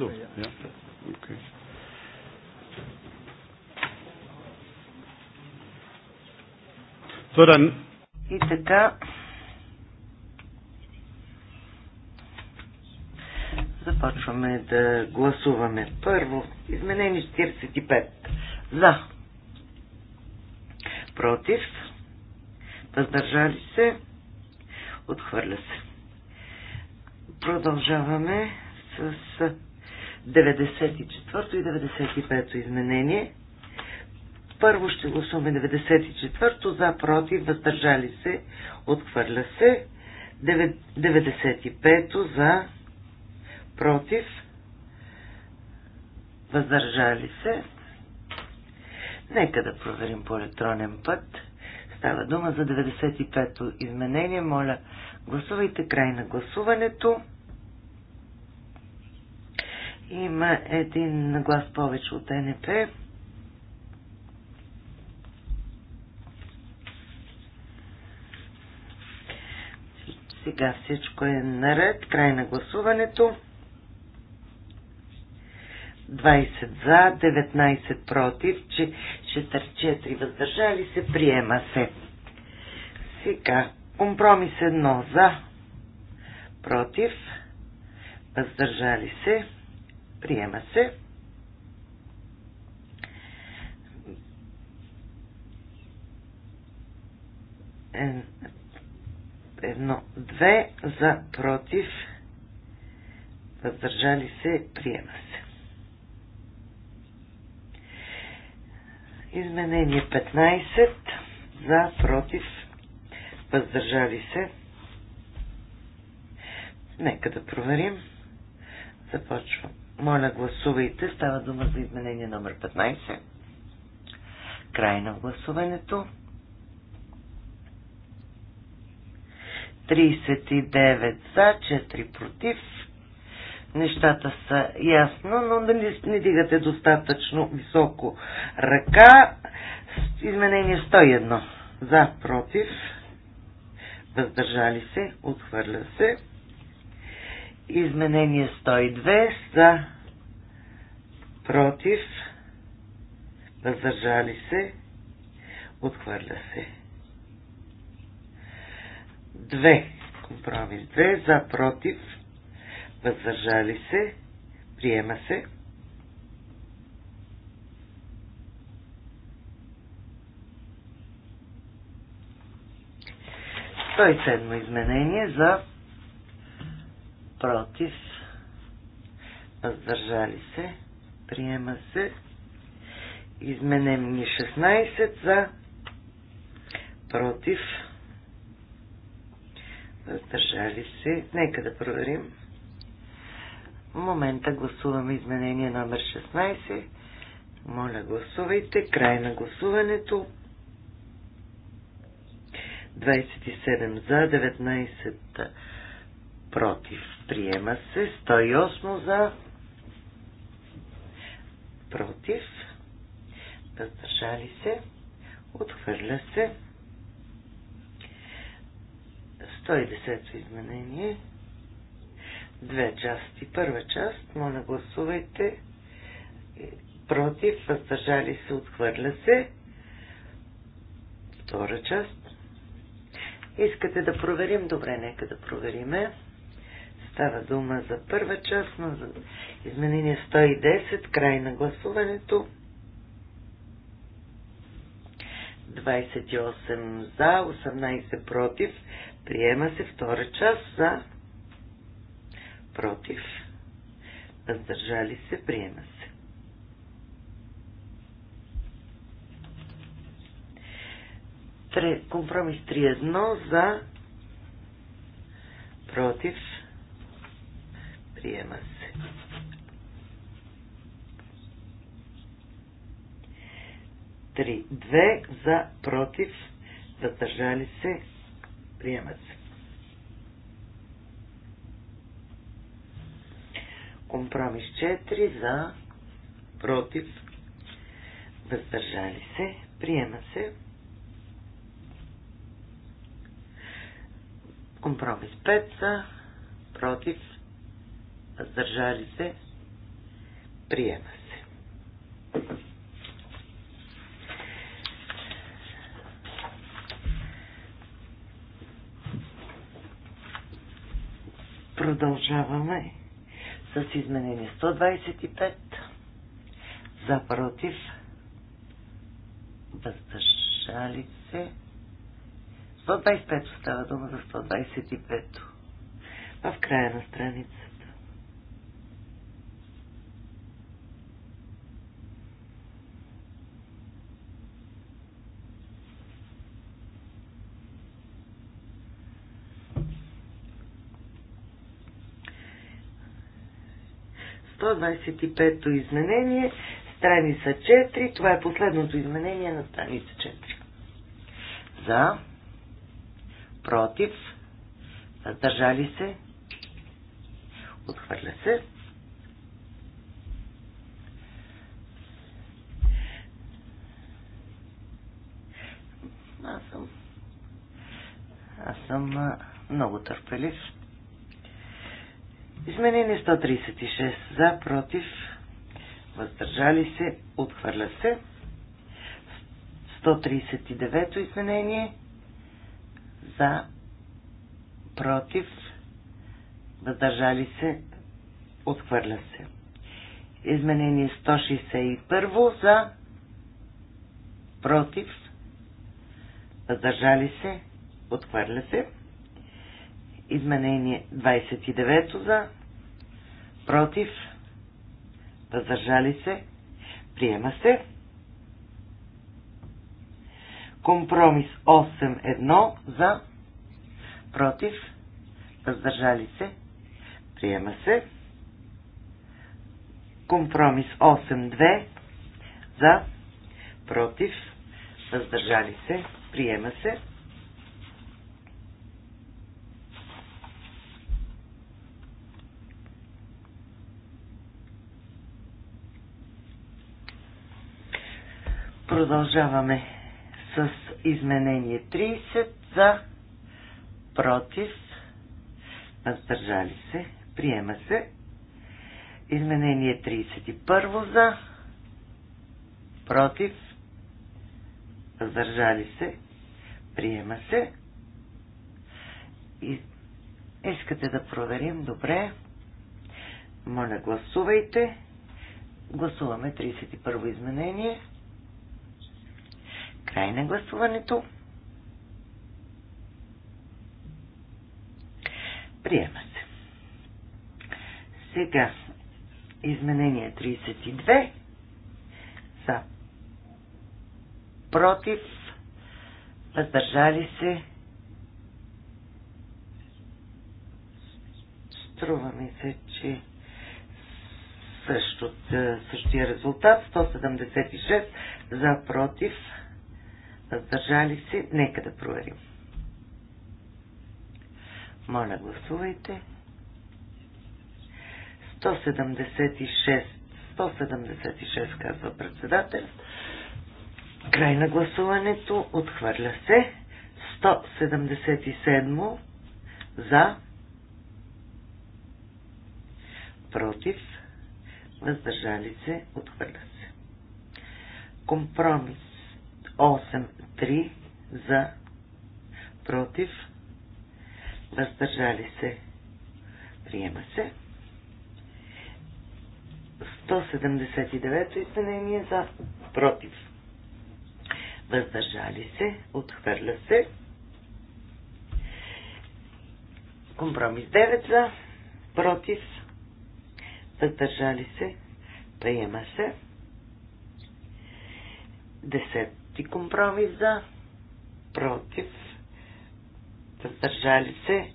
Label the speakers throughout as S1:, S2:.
S1: so, ja.
S2: Okay. So, dann.
S3: И така. Започваме да гласуваме. Първо, изменени 45. За. Против. Въздържали се. Отхвърля се. Продължаваме с 94-то и 95-то изменение. Първо ще гласуваме 94-то за, против, въздържали се, отхвърля се. 95-то за, против, въздържали се. Нека да проверим по електронен път. Става дума за 95-то изменение. Моля, гласувайте край на гласуването. Има един глас повече от НП. Сега всичко е наред. Край на гласуването. 20 за, 19 против, 4 въздържали се, приема се. Сега, компромис 1 за, против, въздържали се. Приема се. Едно, две за против. Въздържали се. Приема се. Изменение 15 за против. Въздържали се. Нека да проверим. Започвам моля, гласувайте. Става дума за изменение номер 15. Край на гласуването. 39 за, 4 против. Нещата са ясно, но нали не дигате достатъчно високо ръка. Изменение 101. За, против. Въздържали се, отхвърля се. Изменение 102 за против, въздържали се, отхвърля се. 2. Компромис 2 за против, въздържали се, приема се. Той седмо изменение за против, въздържали се, приема се. Изменени 16 за, против, въздържали се. Нека да проверим. В момента гласуваме изменение номер 16. Моля, гласувайте. Край на гласуването. 27 за, 19 против, приема се. 108 за, против, въздържали се, отхвърля се. 110 изменение. Две части. Първа част, моля гласувайте. Против, въздържали се, отхвърля се. Втора част. Искате да проверим? Добре, нека да провериме. Става дума за първа част на изменение 110, край на гласуването. 28 за, 18 против. Приема се втора част за, против. Въздържали се, приема се. компромис 3-1 за, против приема се. Три. Две за против, въздържали се, приема се. Компромис 4 за против, въздържали се, приема се. Компромис 5 за против, въздържали се, приема се. Продължаваме с изменение 125 за против въздържали се 125 става дума за 125 в края на страница 125-то изменение, страница 4. Това е последното изменение на страница 4. За, против, задържали се, отхвърля се. Аз съм. Аз съм много търпелив. Изменение 136 за, против, въздържали се, отхвърля се. 139 изменение за, против, въздържали се, отхвърля се. Изменение 161 за, против, въздържали се, отхвърля се. Изменение 29 за. Против. Въздържали се. Приема се. Компромис 8-1 за. Против. Въздържали се. Приема се. Компромис 8-2 за. Против. Въздържали се. Приема се. Продължаваме с изменение 30 за против въздържали се. Приема се. Изменение 31 за против въздържали се. Приема се. И... Искате да проверим? Добре. Моля, гласувайте. Гласуваме 31 изменение. Край на гласуването. Приема се. Сега изменение 32 за против въздържали се струва ми се, че същот, същия резултат 176 за против Въздържали се? Нека да проверим. Моля, гласувайте. 176. 176, казва председател. Край на гласуването. Отхвърля се. 177 за. Против. Въздържали се. Отхвърля се. Компромис 8-3 за против. Въздържали се. Приема се. 179 изменение за против. Въздържали се. Отхвърля се. Компромис 9 за против. Въздържали се. Приема се. 10 Шести компромис за, против, въздържали се,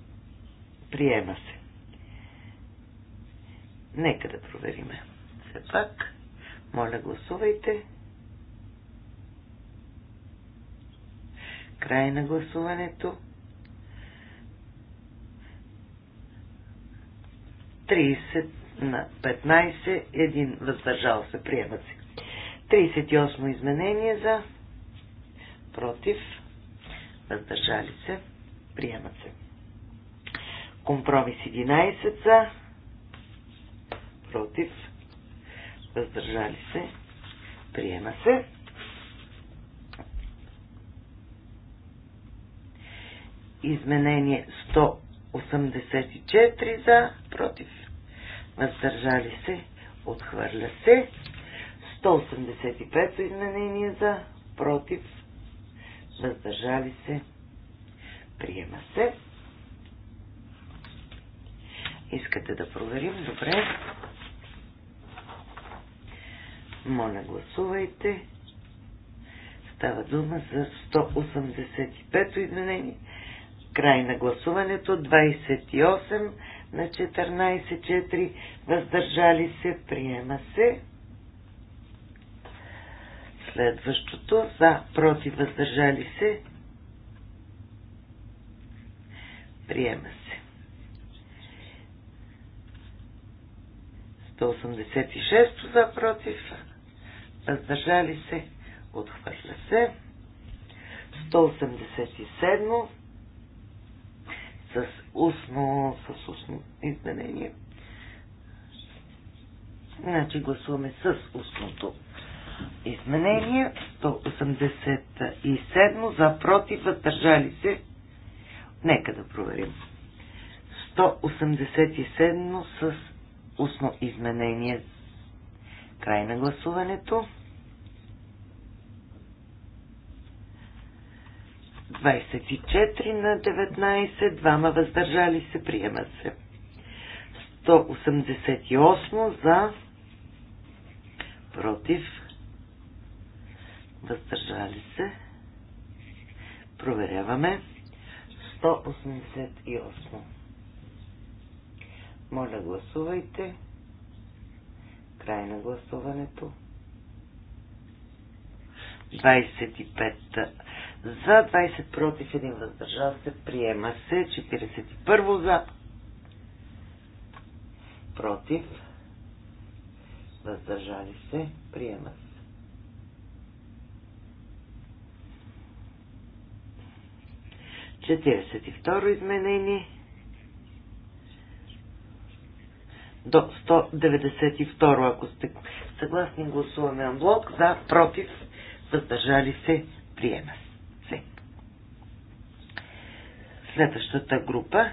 S3: приема се. Нека да провериме. Все пак, моля гласувайте. Край на гласуването. 30 на 15, един въздържал се, приема се. 38 изменение за против, въздържали се, приемат се. Компромис 11 са, против, въздържали се, приема се. Изменение 184 за, против, въздържали се, отхвърля се. 185 изменение за, против, въздържали се, приема се. Искате да проверим? Добре. Моля, гласувайте. Става дума за 185-то изменение. Край на гласуването 28 на 14-4. Въздържали се, приема се следващото. За, против, въздържали се. Приема се. 186 за, против, въздържали се. Отхвърля се. 187 с устно, с устно изменение. Значи гласуваме с устното изменение 187 за против, въздържали се. Нека да проверим. 187 с устно изменение. Край на гласуването. 24 на 19, двама въздържали се, приема се. 188 за, против, въздържали се. Проверяваме. 188. Моля, гласувайте. Край на гласуването. 25 за, 20 против, 1 въздържал се, приема се, 41 за, против, въздържали се, приема се. 42 изменение до 192, ако сте съгласни, гласуваме на блок, за, против, въздържали се, приема се. Следващата група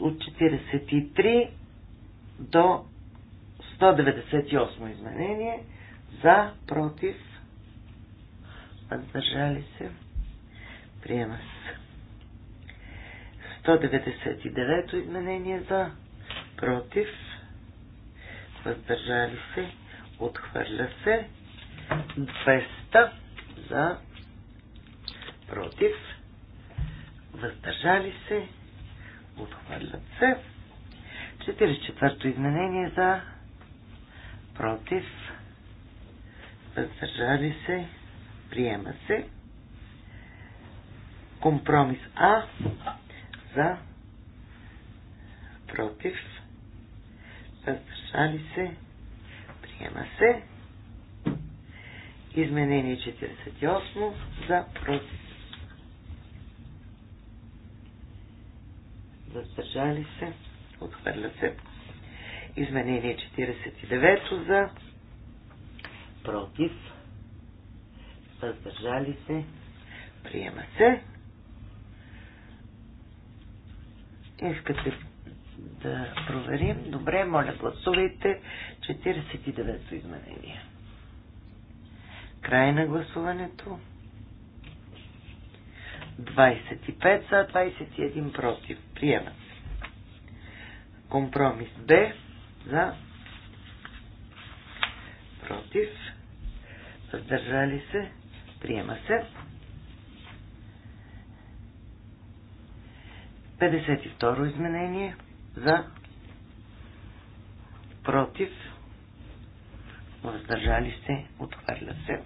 S3: от 43 до 198 изменение, за, против, въздържали се, приема се. 199-то изменение за, против, въздържали се, отхвърля се. 200 за, против, въздържали се, отхвърлят се. 44-то изменение за, против, въздържали се, приема се. Компромис А за, против, въздържали се, приема се. Изменение 48 за, против, въздържали се, отхвърля се. Изменение 49 за, против, въздържали се, приема се. Искате да проверим. Добре, моля гласувайте. 49-то изменение. Край на гласуването. 25 за, 21 против. Приема се. Компромис Б за против. Въздържали се. Приема се. 52 изменение за против въздържали се отхвърля се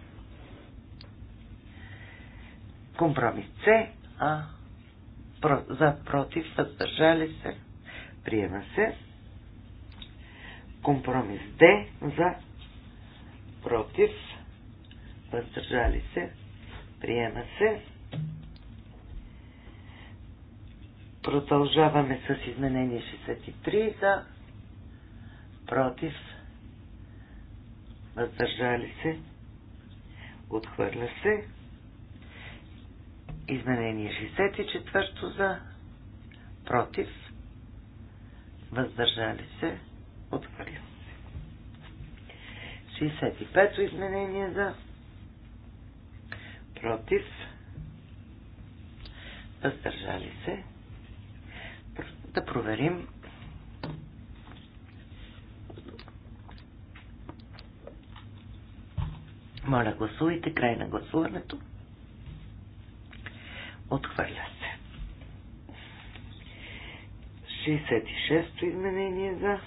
S3: компромис С а про, за против въздържали се приема се компромис Д за против въздържали се приема се Продължаваме с изменение 63 за против въздържали се отхвърля се изменение 64 за против въздържали се отхвърля се 65 изменение за против въздържали се да проверим. Моля, гласувайте. Край на гласуването. Отхвърля се. 66-то изменение за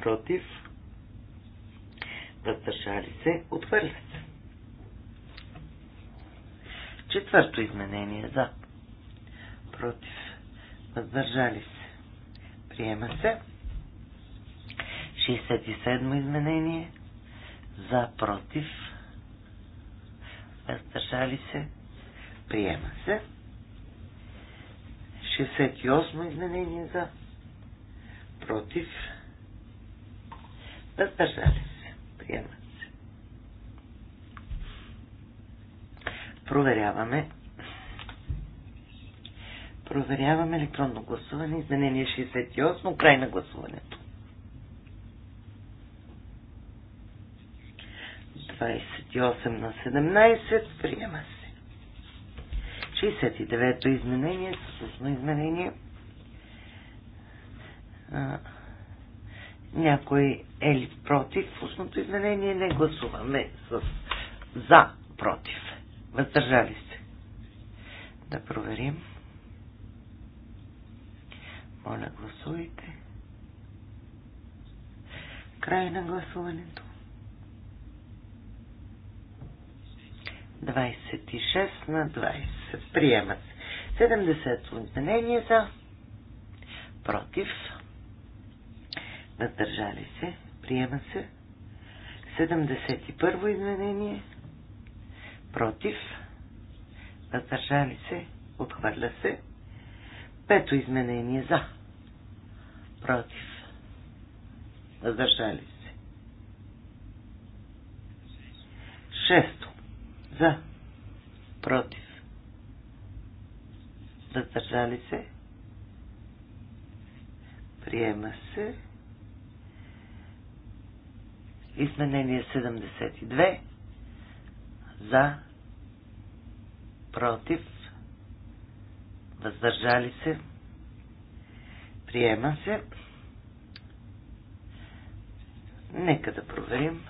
S3: против. Въздържали се. Отхвърля се. Четвърто изменение за против. Въздържали се. Приема се. 67 изменение. За, против. Въздържали се. Приема се. 68 изменение за. Против. Въздържали се. Приема се. Проверяваме Проверяваме електронно гласуване. Изменение 68. Край на гласуването. 28 на 17. Приема се. 69-то изменение. Съсно изменение. А, някой е ли против устното изменение? Не гласуваме с за против. Въздържали се. Да проверим. Моля, гласувайте. Край на гласуването. 26 на 20. Приема се. 70 изменение за. Против. Въздържали се. Приема се. 71 изменение. Против. Въздържали се. Отхвърля се. Пето изменение за. Против. Въздържали се. Шесто. За. Против. Въздържали се. Приема се. Изменение 72. За. Против въздържали се, приема се. Нека да проверим.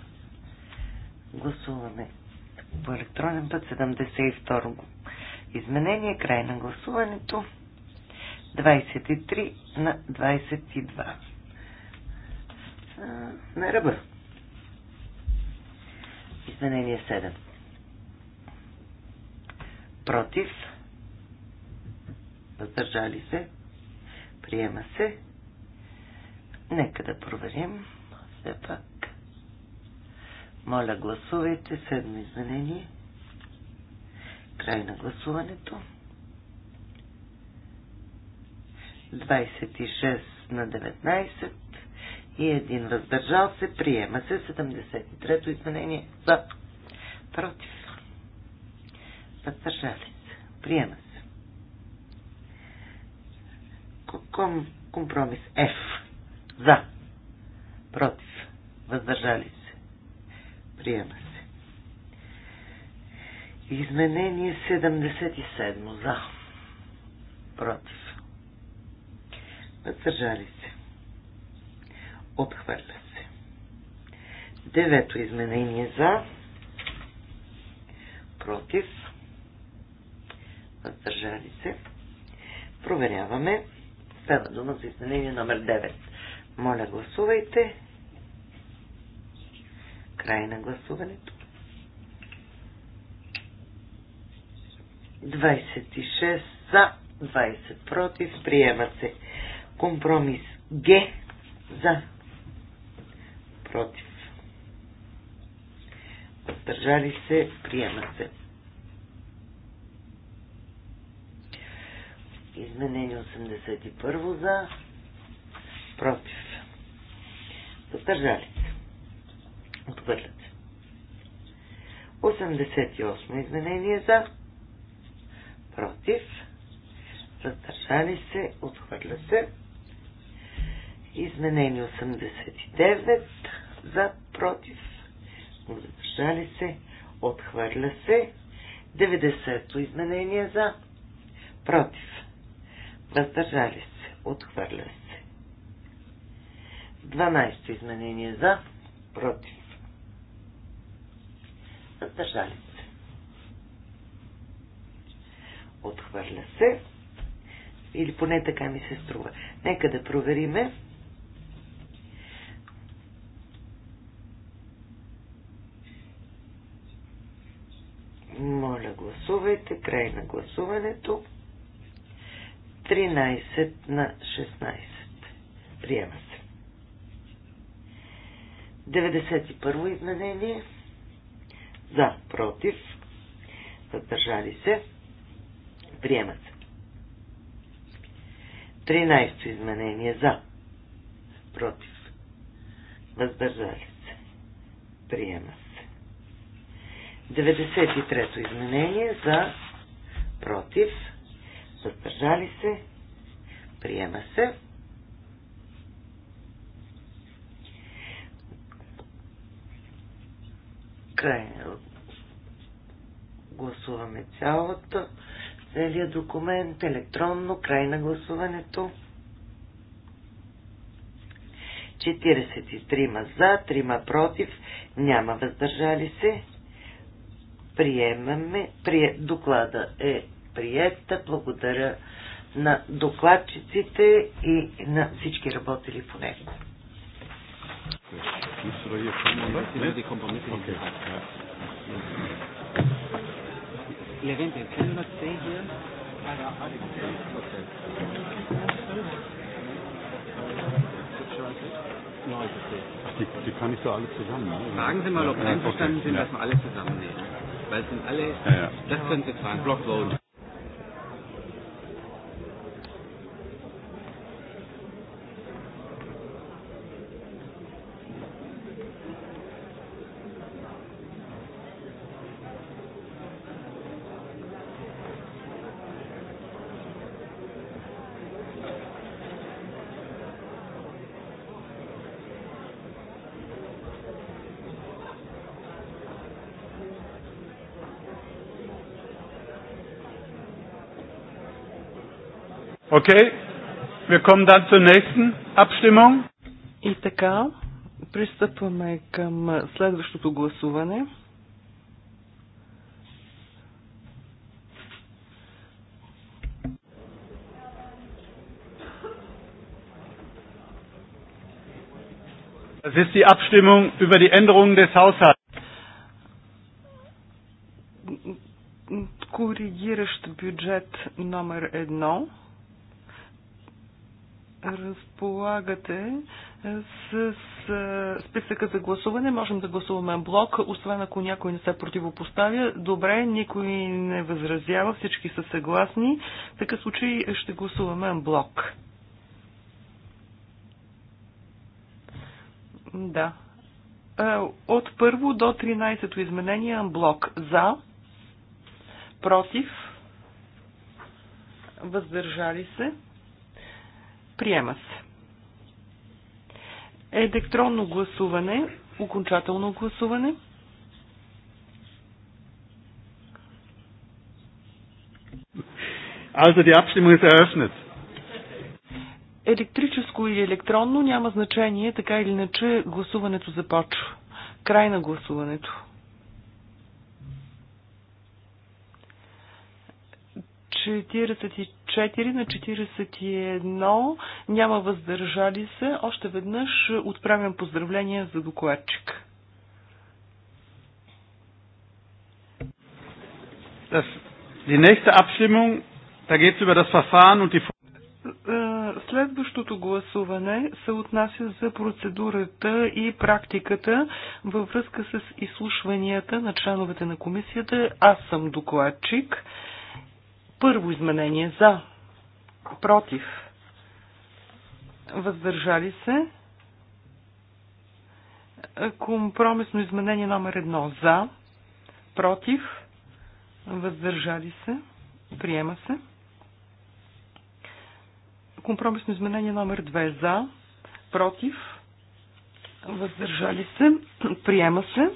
S3: Гласуваме по електронен път 72 изменение, край на
S1: гласуването
S3: 23 на 22. на ръба. Изменение 7. Против въздържали се, приема се. Нека да проверим. Все пак. Моля, гласувайте. Седмо извинение. Край на гласуването. 26 на 19 и един въздържал се. Приема се 73-то изменение за против. Въздържали се. Приема се. ком, компромис Ф. За. Против. Въздържали се. Приема се. Изменение 77. За. Против. Въздържали се. Отхвърля се. Девето изменение за. Против. Въздържали се. Проверяваме. Става дума за изменение номер 9. Моля, гласувайте. Край на гласуването. 26 за, 20 против. Приема се компромис Г за, против. Въздържали се, приема се. Изменение 81 за. Против. Въздържали се. Отвърлят се. 88 изменение за. Против. Въздържали се. Отхвърля се. Изменение 89 за. Против. Въздържали се. Отхвърля се. 90-то изменение за. Против. Въздържали се. Отхвърля се. 12 изменение за. Против. Въздържали се. Отхвърля се. Или поне така ми се струва. Нека да провериме. Моля, гласувайте. Край на гласуването. 13 на 16. Приема се. 91 изменение. За, против. Въздържали се. Приема се. 13 изменение. За, против. Въздържали се. Приема се. 93 изменение. За, против Въздържали се. Приема се. Край. Гласуваме цялата, целият документ, електронно, край на гласуването. 43 за, 3 против, няма въздържали се. Приемаме, прие, доклада е приета. Благодаря на докладчиците и на всички работили по него.
S1: Levente Die,
S2: die kann ich so alle zusammen. Ne? Fragen Sie mal, ob ja, einverstanden okay. sind, dass wir alle zusammennehmen.
S1: Weil es sind alle, ja, ja. das können Sie fragen, Blockvote.
S2: Okay, wir kommen dann zur nächsten Abstimmung. И така,
S4: пристъпваме към следващото гласуване.
S2: Das ist die Abstimmung über die Änderung des Haushalts.
S4: Коригиращ Budget Nummer едно разполагате е, с, с е, списъка за гласуване. Можем да гласуваме блок, освен ако някой не се противопоставя. Добре, никой не възразява, всички са съгласни. В такъв случай ще гласуваме блок. Да. Е, от първо до 13-то изменение блок. За, против, въздържали се. Приема се. Електронно гласуване. Окончателно гласуване.
S2: Also die Abstimmung ist eröffnet.
S4: Електрическо или електронно няма значение, така или иначе гласуването започва. Край на гласуването. 44 на 41. Няма въздържали се. Още веднъж отправям поздравления
S2: за докладчик. Е,
S4: следващото гласуване се отнася за процедурата и практиката във връзка с изслушванията на членовете на комисията. Аз съм докладчик. Първо изменение за, против, въздържали се. Компромисно изменение номер едно за, против, въздържали се, приема се. Компромисно изменение номер 2 за, против, въздържали се, приема се.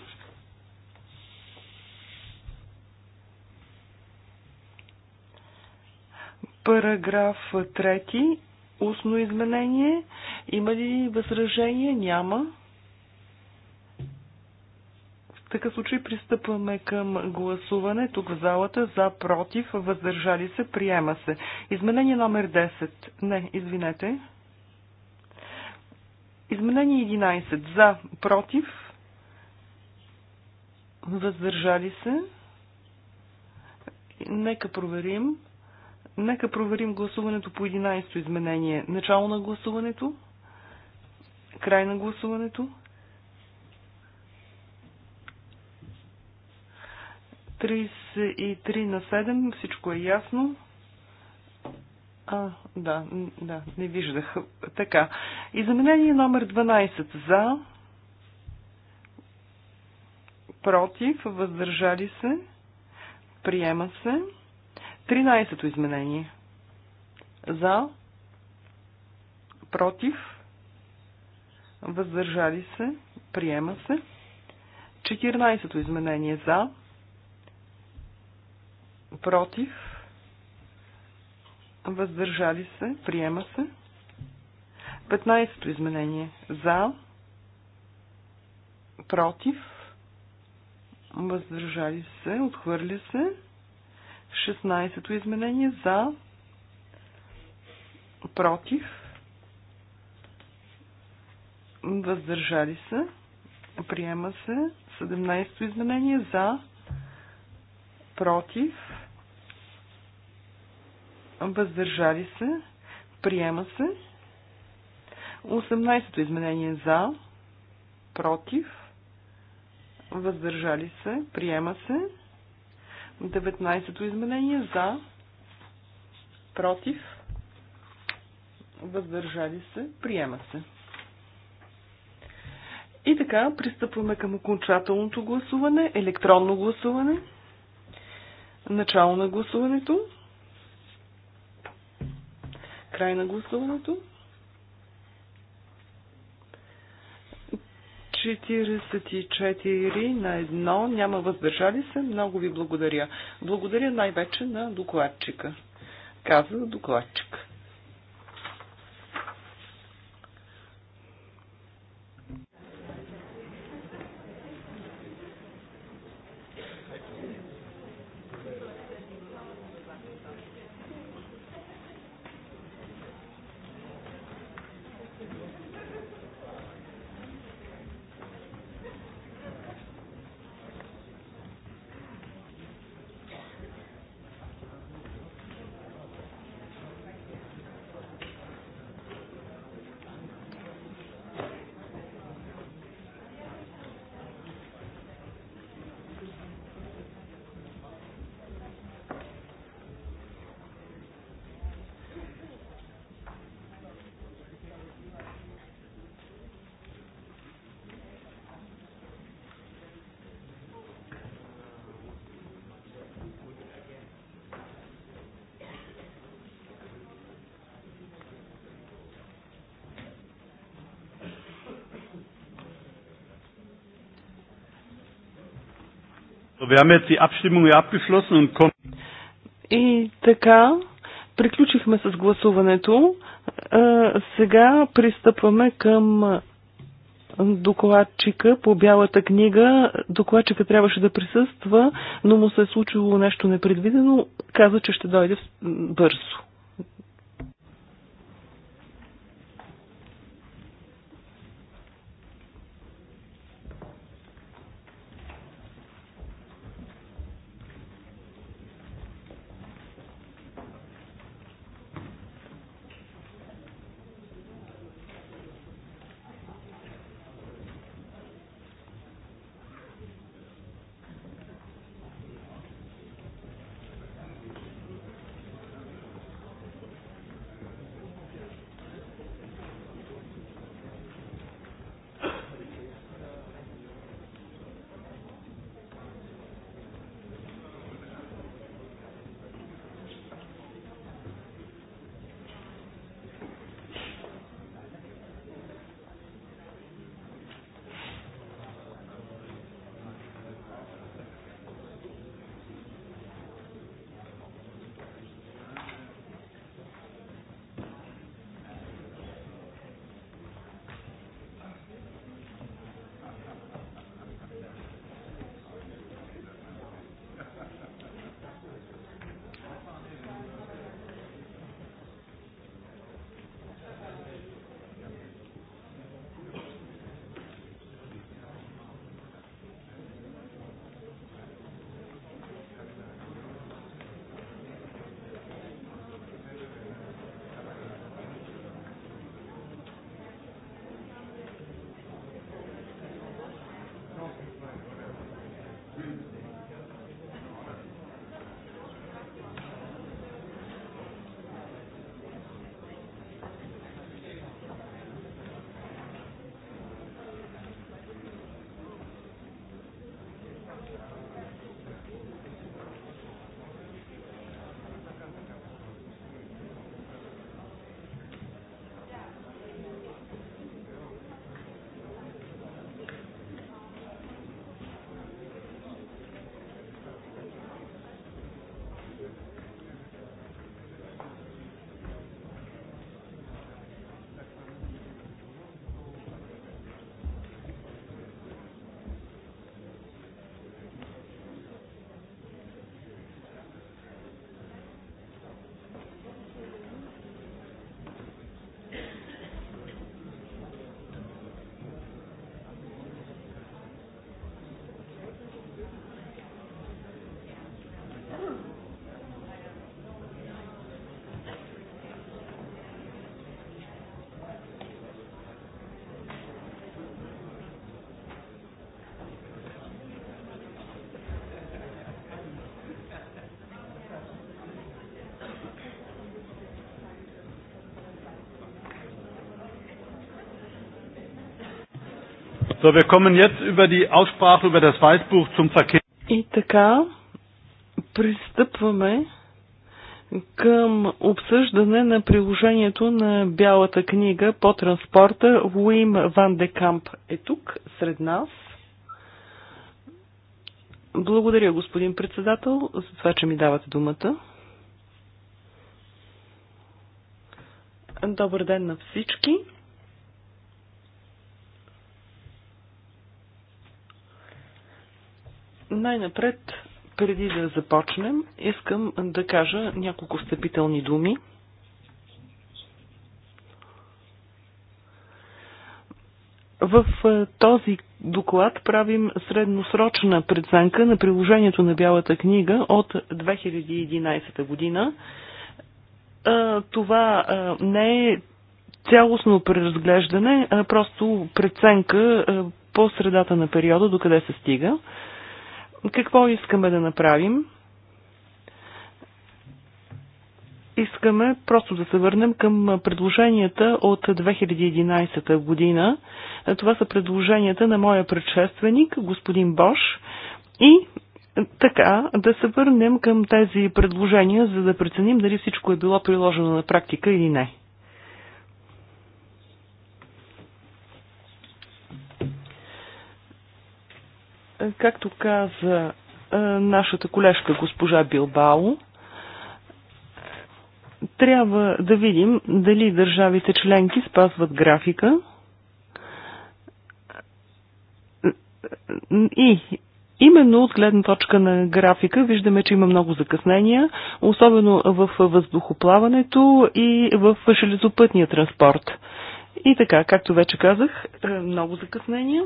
S4: Параграф 3. Устно изменение. Има ли възражение? Няма. В такъв случай пристъпваме към гласуване тук в залата за против, въздържали се, приема се. Изменение номер 10. Не, извинете. Изменение 11. За, против, въздържали се. Нека проверим. Нека проверим гласуването по 11-то изменение. Начало на гласуването. Край на гласуването. 33 на 7. Всичко е ясно. А, да, да, не виждах. Така. Изменение номер 12. За. Против. Въздържали се. Приема се. 13-то изменение. За, против, въздържали се, приема се. 14-то изменение за, против, въздържали се, приема се. 15-то изменение за, против, въздържали се, отхвърли се. 16-то изменение за, против, въздържали се, приема се. 17-то изменение за, против, въздържали се, приема се. 18-то изменение за, против, въздържали се, приема се. 19-то изменение за, против, въздържали се, приема се. И така, пристъпваме към окончателното гласуване, електронно гласуване, начало на гласуването, край на гласуването. 44 на едно, няма въздържали се. Много ви благодаря. Благодаря най-вече на докладчика. Казва докладчика. И така, приключихме с гласуването. Е, сега пристъпваме към докладчика по бялата книга. Докладчика трябваше да присъства, но му се е случило нещо непредвидено. Каза, че ще дойде бързо.
S2: So, wir kommen jetzt über die Aussprache über das Weißbuch zum Verkehr. И така,
S4: пристъпваме към обсъждане на приложението на Бялата книга по транспорта. Луим Ван де Камп е тук, сред нас. Благодаря, господин председател, за това, че ми давате думата. Добър ден на всички. Най-напред, преди да започнем, искам да кажа няколко встъпителни думи. В е, този доклад правим средносрочна преценка на приложението на Бялата книга от 2011 година. Е, това е, не е цялостно преразглеждане, а просто преценка по средата на периода, до къде се стига. Какво искаме да направим? Искаме просто да се върнем към предложенията от 2011 година. Това са предложенията на моя предшественик, господин Бош. И така, да се върнем към тези предложения, за да преценим дали всичко е било приложено на практика или не. Както каза е, нашата колежка госпожа Билбао, трябва да видим дали държавите членки спазват графика и Именно от гледна точка на графика виждаме, че има много закъснения, особено в въздухоплаването и в железопътния транспорт. И така, както вече казах, е, много закъснения.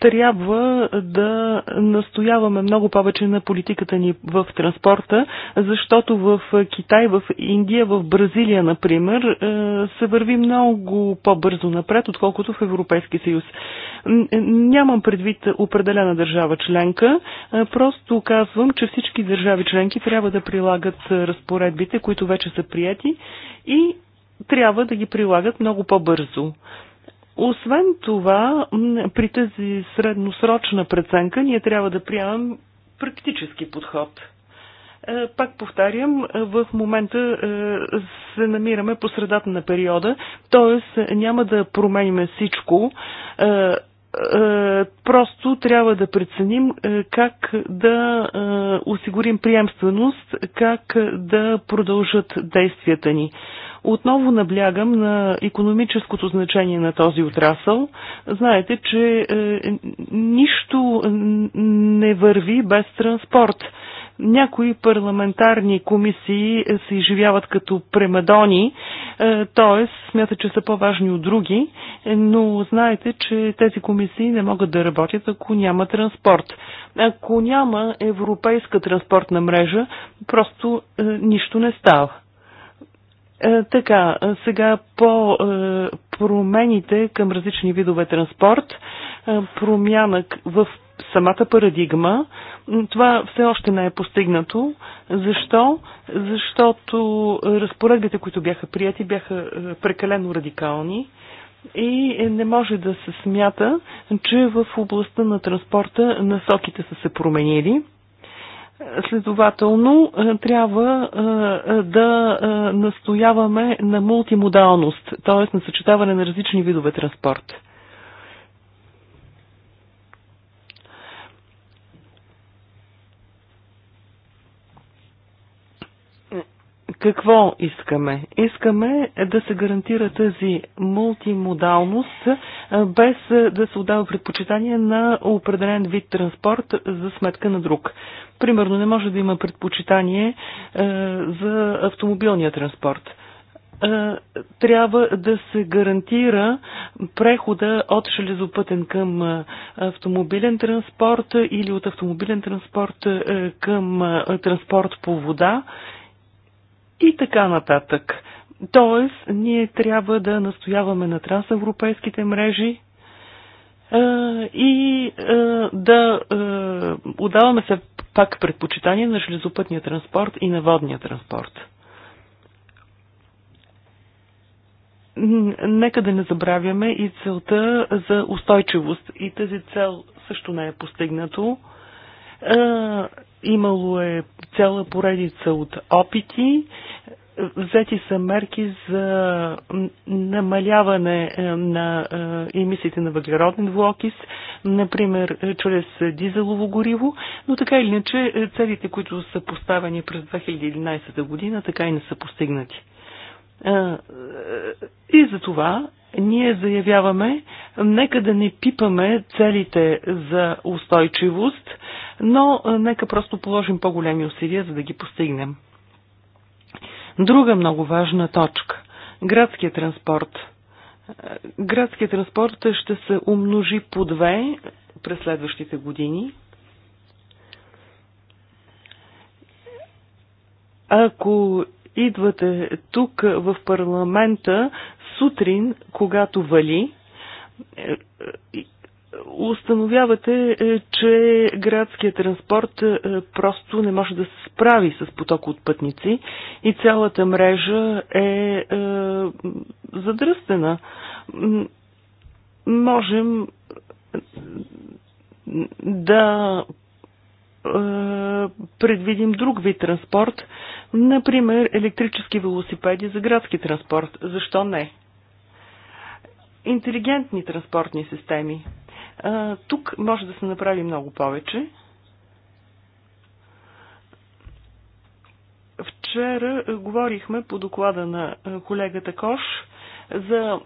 S4: трябва да настояваме много повече на политиката ни в транспорта, защото в Китай, в Индия, в Бразилия, например, е, се върви много по-бързо напред, отколкото в Европейски съюз. Е, нямам предвид определена държава членка, е, просто казвам, че всички държави членки трябва да прилагат разпоредбите, които вече са прияти и трябва да ги прилагат много по-бързо. Освен това, при тази средносрочна преценка ние трябва да приемам практически подход. Е, пак повтарям, в момента е, се намираме по средата на периода, т.е. няма да променим всичко, е, просто трябва да преценим как да осигурим приемственост, как да продължат действията ни. Отново наблягам на економическото значение на този отрасъл. Знаете, че е, нищо не върви без транспорт. Някои парламентарни комисии се изживяват като премадони, е, т.е. смятат, че са по-важни от други, но знаете, че тези комисии не могат да работят, ако няма транспорт. Ако няма европейска транспортна мрежа, просто е, нищо не става. Е, така, сега по е, промените към различни видове транспорт, е, промяна в самата парадигма, това все още не е постигнато. Защо? Защото разпоредбите, които бяха прияти, бяха прекалено радикални и не може да се смята, че в областта на транспорта насоките са се променили. Следователно, е, трябва е, да е, настояваме на мултимодалност, т.е. на съчетаване на различни видове транспорт. Какво искаме? Искаме да се гарантира тази мултимодалност, без да се отдава предпочитание на определен вид транспорт за сметка на друг. Примерно не може да има предпочитание за автомобилния транспорт трябва да се гарантира прехода от железопътен към автомобилен транспорт или от автомобилен транспорт към транспорт по вода и така нататък. Тоест, ние трябва да настояваме на трансевропейските мрежи и да отдаваме се пак предпочитание на железопътния транспорт и на водния транспорт. Нека да не забравяме и целта за устойчивост. И тази цел също не е постигнато. Имало е цяла поредица от опити. Взети са мерки за намаляване е, на е, емисиите на въглероден двуокис, например е, чрез дизелово гориво, но така или иначе целите, които са поставени през 2011 година, така и не са постигнати. И за това ние заявяваме, нека да не пипаме целите за устойчивост, но нека просто положим по-големи усилия, за да ги постигнем. Друга много важна точка – Градският транспорт. Градският транспорт ще се умножи по две през следващите години. Ако идвате тук в парламента сутрин, когато вали, е, установявате, е, че градският транспорт е, просто не може да се справи с поток от пътници и цялата мрежа е, е задръстена. Можем да предвидим друг вид транспорт, например електрически велосипеди за градски транспорт. Защо не? Интелигентни транспортни системи. Тук може да се направи много повече. Вчера говорихме по доклада на колегата Кош за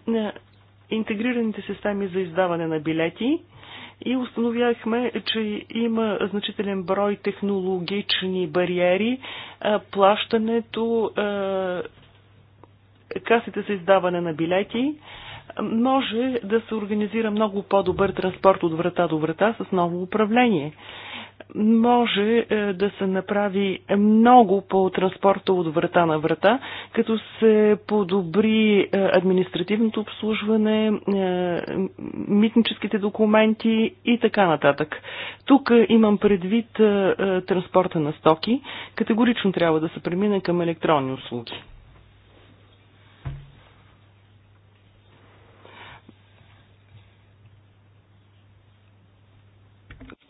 S4: интегрираните системи за издаване на билети и установяхме, че има значителен брой технологични бариери, плащането, касите за издаване на билети, може да се организира много по-добър транспорт от врата до врата с ново управление. Може е, да се направи много по транспорта от врата на врата, като се подобри е, административното обслужване, е, митническите документи и така нататък. Тук имам предвид транспорта на стоки. Категорично трябва да се премина към електронни услуги.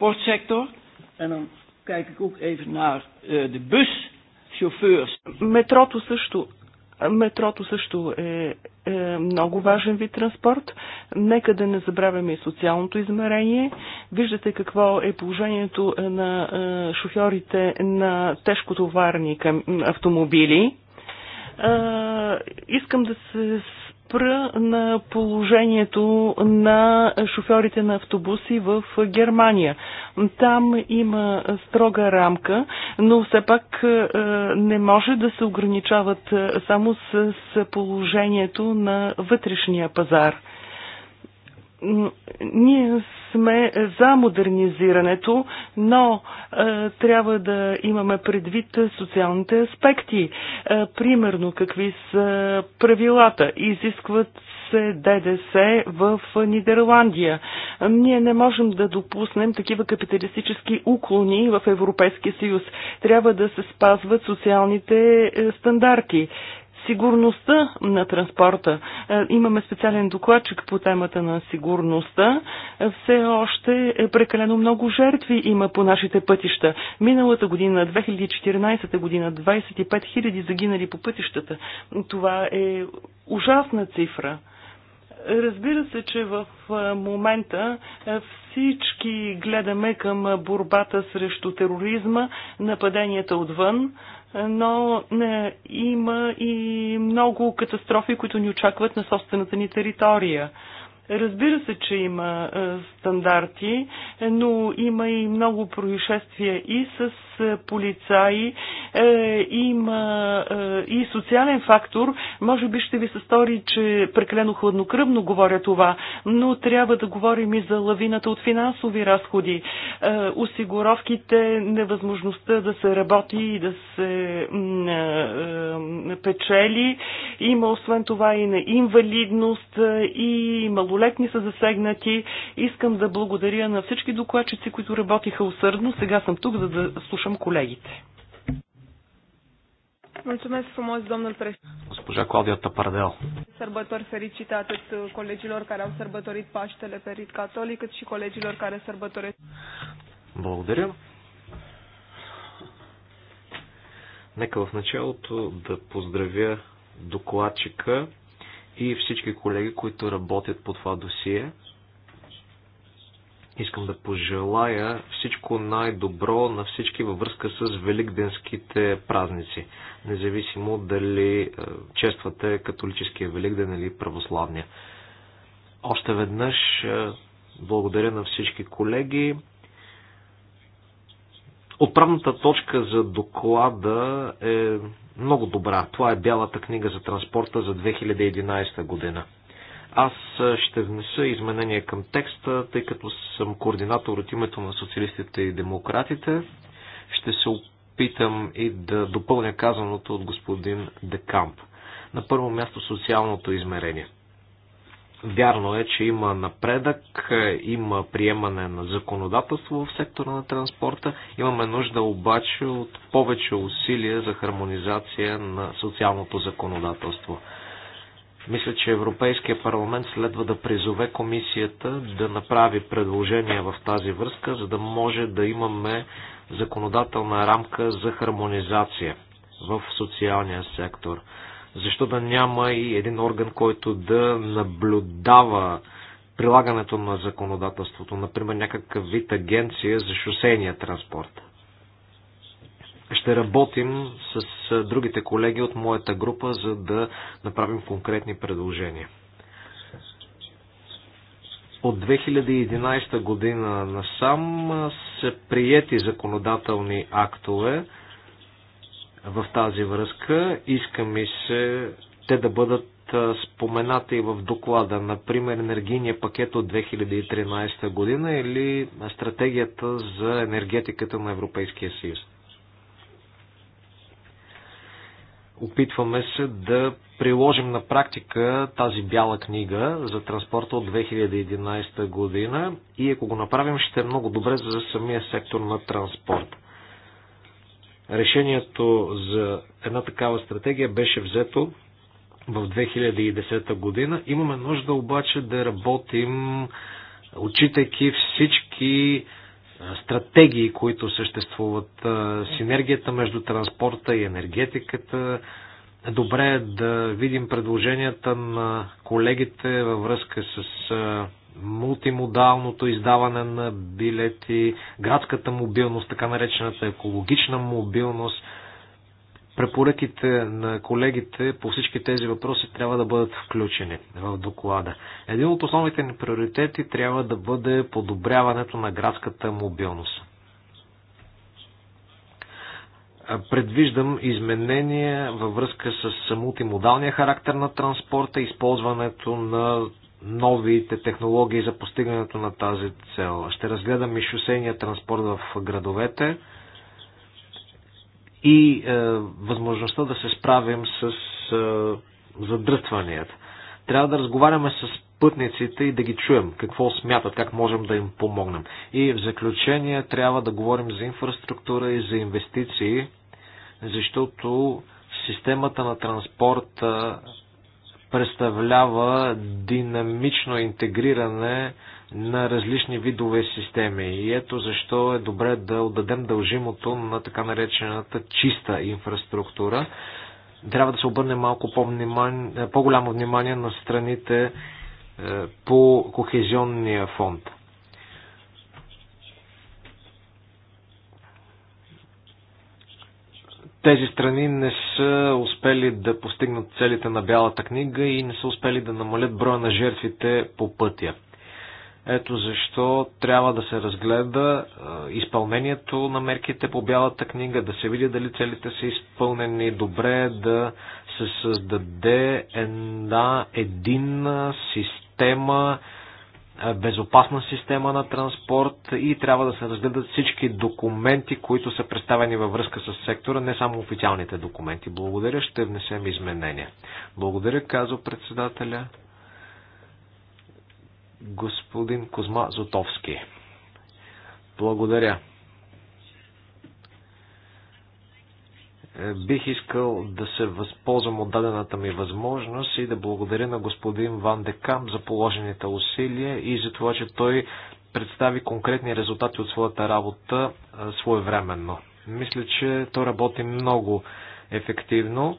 S1: transportsector. En dan kijk ik ook even naar uh, de
S4: buschauffeurs. Метрото също. Метрото също е, е много важен вид транспорт. Нека да не забравяме и социалното измерение. Виждате какво е положението е, на е, шофьорите на тежкотоварни към автомобили. Е, искам да се спра на положението на шофьорите на автобуси в Германия. Там има строга рамка, но все пак е, не може да се ограничават само с положението на вътрешния пазар ние сме за модернизирането, но е, трябва да имаме предвид социалните аспекти. Е, примерно, какви са правилата? Изискват се ДДС в Нидерландия. Ние не можем да допуснем такива капиталистически уклони в Европейския съюз. Трябва да се спазват социалните е, стандарти. Сигурността на транспорта. Е, имаме специален докладчик по темата на сигурността. Е, все още е прекалено много жертви има по нашите пътища. Миналата година, 2014 година, 25 000 загинали по пътищата. Това е ужасна цифра. Разбира се, че в е, момента всички гледаме към борбата срещу тероризма, нападенията отвън, но не, има и много катастрофи, които ни очакват на собствената ни територия. Разбира се, че има е, стандарти, но има и много происшествия и с е, полицаи, е, има и социален фактор. Може би ще ви се стори, че прекалено хладнокръвно говоря това, но трябва да говорим и за лавината от финансови разходи, осигуровките, невъзможността да се работи и да се печели. Има освен това и на инвалидност и има малолетни са засегнати. Искам да благодаря на всички докладчици, които работиха усърдно. Сега съм тук, за да слушам колегите.
S1: Mulțumesc frumos, domnul președinte.
S5: Госпожа Claudia Tăpardel.
S1: Sărbători fericite atât colegilor care au sărbătorit Paștele Perit Catolic, cât și colegilor care sărbătoresc.
S5: Благодаря. Нека в началото да поздравя докладчика и всички колеги, които работят по това досие. Искам да пожелая всичко най-добро на всички във връзка с великденските празници, независимо дали е, чествате католическия великден или православния. Още веднъж е, благодаря на всички колеги. Отправната точка за доклада е много добра. Това е бялата книга за транспорта за 2011 година. Аз ще внеса изменения към текста, тъй като съм координатор от името на социалистите и демократите. Ще се опитам и да допълня казаното от господин Декамп. На първо място социалното измерение – Вярно е, че има напредък, има приемане на законодателство в сектора на транспорта. Имаме нужда обаче от повече усилия за хармонизация на социалното законодателство. Мисля, че Европейския парламент следва да призове комисията да направи предложения в тази връзка, за да може да имаме законодателна рамка за хармонизация в социалния сектор. Защо да няма и един орган, който да наблюдава прилагането на законодателството, например някакъв вид агенция за шосейния транспорт. Ще работим с другите колеги от моята група, за да направим конкретни предложения. От 2011 година насам са приети законодателни актове, в тази връзка. Иска ми се те да бъдат споменати в доклада, например енергийния пакет от 2013 година или стратегията за енергетиката на Европейския съюз. Опитваме се да приложим на практика тази бяла книга за транспорта от 2011 година и ако го направим ще е много добре за самия сектор на транспорта. Решението за една такава стратегия беше взето в 2010 година. Имаме нужда обаче да работим, отчитайки всички стратегии, които съществуват, синергията между транспорта и енергетиката. Добре е да видим предложенията на колегите във връзка с мултимодалното издаване на билети, градската мобилност, така наречената екологична мобилност. Препоръките на колегите по всички тези въпроси трябва да бъдат включени в доклада. Един от основните ни приоритети трябва да бъде подобряването на градската мобилност. Предвиждам изменения във връзка с мултимодалния характер на транспорта, използването на новите технологии за постигането на тази цел. Ще разгледам и шосейния транспорт в градовете и е, възможността да се справим с е, задръстванията. Трябва да разговаряме с пътниците и да ги чуем какво смятат, как можем да им помогнем. И в заключение трябва да говорим за инфраструктура и за инвестиции, защото системата на транспорта представлява динамично интегриране на различни видове системи. И ето защо е добре да отдадем дължимото на така наречената чиста инфраструктура. Трябва да се обърне малко по-голямо внимание на страните е, по кохезионния фонд. тези страни не са успели да постигнат целите на Бялата книга и не са успели да намалят броя на жертвите по пътя. Ето защо трябва да се разгледа изпълнението на мерките по Бялата книга, да се види дали целите са изпълнени добре, да се създаде една единна система, е безопасна система на транспорт и трябва да се разгледат всички документи, които са представени във връзка с сектора, не само официалните документи. Благодаря, ще внесем изменения. Благодаря, казва председателя господин Козма Зотовски. Благодаря. Е, бих искал да се възползвам от дадената ми възможност и да благодаря на господин Ван Декам за положените усилия и за това, че той представи конкретни резултати от своята работа е, своевременно. Мисля, че той работи много ефективно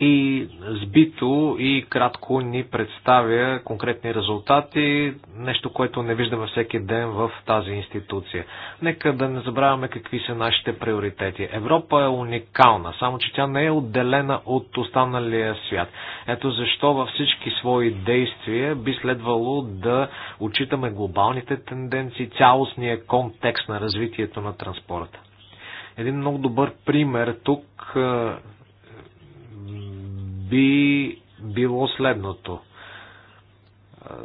S5: и сбито и кратко ни представя конкретни резултати, нещо, което не виждаме всеки ден в тази институция. Нека да не забравяме какви са нашите приоритети. Европа е уникална, само че тя не е отделена от останалия свят. Ето защо във всички свои действия би следвало да отчитаме глобалните тенденции, цялостния контекст на развитието на транспорта. Един много добър пример тук е, би било следното.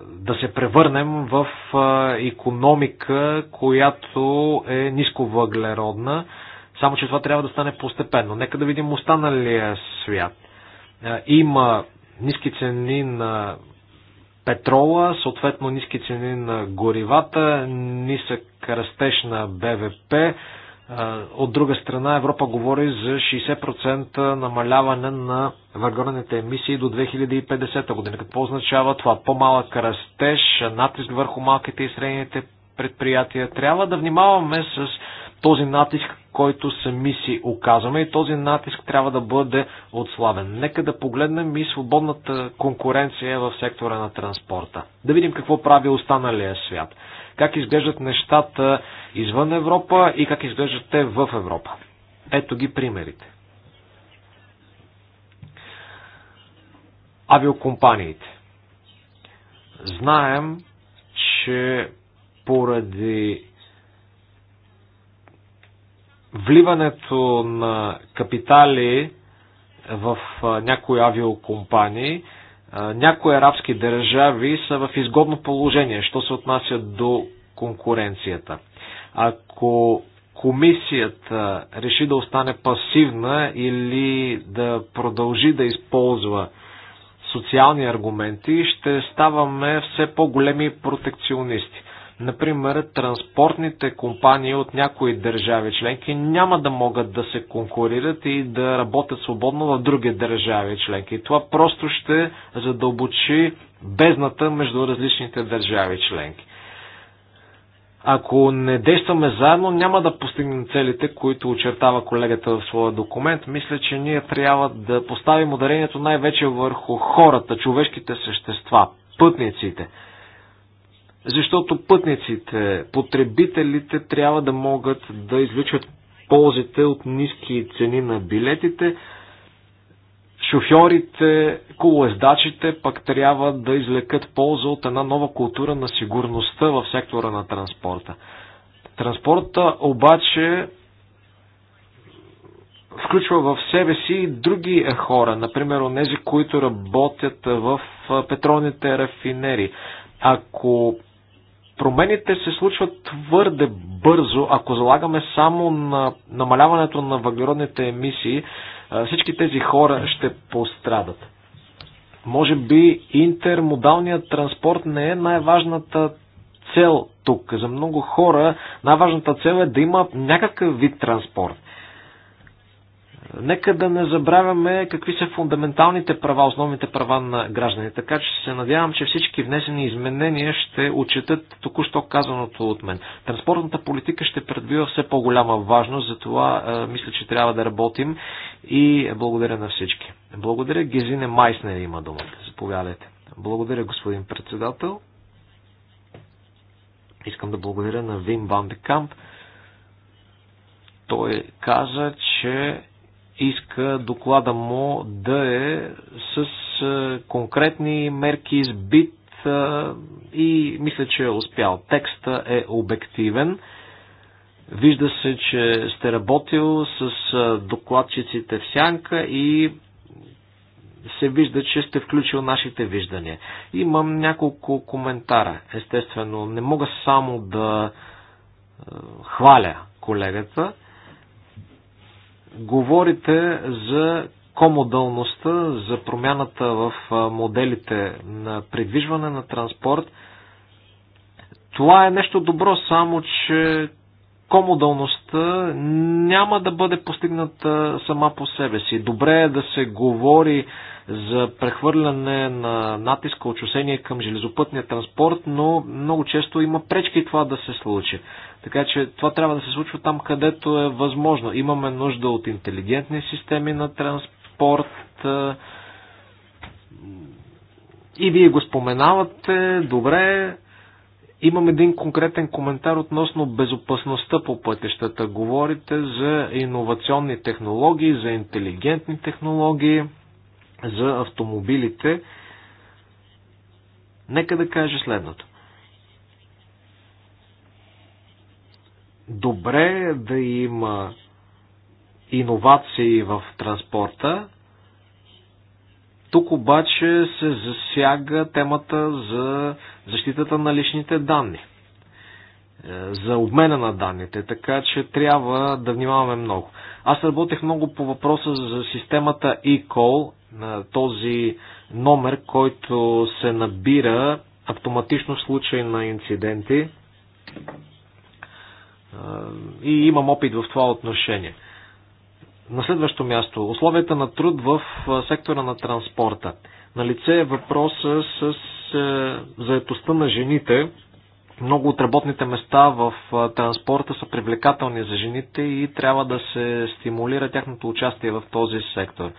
S5: Да се превърнем в економика, която е нисковъглеродна, само че това трябва да стане постепенно. Нека да видим останалия свят. Има ниски цени на петрола, съответно ниски цени на горивата, нисък растеж на БВП, от друга страна Европа говори за 60% намаляване на въглеродните емисии до 2050 година. Какво означава това? По-малък растеж, натиск върху малките и средните предприятия. Трябва да внимаваме с този натиск, който сами си оказваме и този натиск трябва да бъде отслабен. Нека да погледнем и свободната конкуренция в сектора на транспорта. Да видим какво прави останалия свят как изглеждат нещата извън Европа и как изглеждат те в Европа. Ето ги примерите. Авиокомпаниите. Знаем, че поради вливането на капитали в някои авиокомпании, някои арабски държави са в изгодно положение, що се отнася до конкуренцията. Ако комисията реши да остане пасивна или да продължи да използва социални аргументи, ще ставаме все по-големи протекционисти. Например, транспортните компании от някои държави членки няма да могат да се конкурират и да работят свободно в други държави членки. Това просто ще задълбочи бездната между различните държави членки. Ако не действаме заедно, няма да постигнем целите, които очертава колегата в своя документ. Мисля, че ние трябва да поставим ударението най-вече върху хората, човешките същества, пътниците – защото пътниците, потребителите трябва да могат да извличат ползите от ниски цени на билетите. Шофьорите, колоездачите пък трябва да извлекат полза от една нова култура на сигурността в сектора на транспорта. Транспорта обаче включва в себе си и други хора, например, онези, които работят в петролните рафинери. Ако Промените се случват твърде бързо. Ако залагаме само на намаляването на въглеродните емисии, всички тези хора ще пострадат. Може би интермодалният транспорт не е най-важната цел тук. За много хора най-важната цел е да има някакъв вид транспорт – Нека да не забравяме какви са фундаменталните права, основните права на гражданите. Така че се надявам, че всички внесени изменения ще отчитат току-що казаното от мен. Транспортната политика ще предвива все по-голяма важност, затова е, мисля, че трябва да работим и благодаря на всички. Благодаря. Гезине Майснер има думата. Заповядайте. Благодаря, господин председател. Искам да благодаря на Вим Ван Той каза, че иска доклада му да е с е, конкретни мерки, сбит е, и мисля, че е успял. Текста е обективен. Вижда се, че сте работил с е, докладчиците в сянка и се вижда, че сте включил нашите виждания. Имам няколко коментара. Естествено, не мога само да хваля колегата. Говорите за комодалността, за промяната в моделите на придвижване на транспорт. Това е нещо добро, само че комодалността няма да бъде постигната сама по себе си. Добре е да се говори за прехвърляне на натиска от към железопътния транспорт, но много често има пречки това да се случи. Така че това трябва да се случва там, където е възможно. Имаме нужда от интелигентни системи на транспорт. Е, и вие го споменавате, добре. Имам един конкретен коментар относно безопасността по пътещата. Говорите за иновационни технологии, за интелигентни технологии, за автомобилите. Нека да кажа следното. добре да има иновации в транспорта. Тук обаче се засяга темата за защитата на личните данни, е, за обмена на данните, така че трябва да внимаваме много. Аз работех много по въпроса за системата e на е, този номер, който се набира автоматично в случай на инциденти и имам опит в това отношение. На следващо място, условията на труд в сектора на транспорта. На лице е въпроса с заетостта на жените. Много от работните места в транспорта са привлекателни за жените и трябва да се стимулира тяхното участие в този сектор.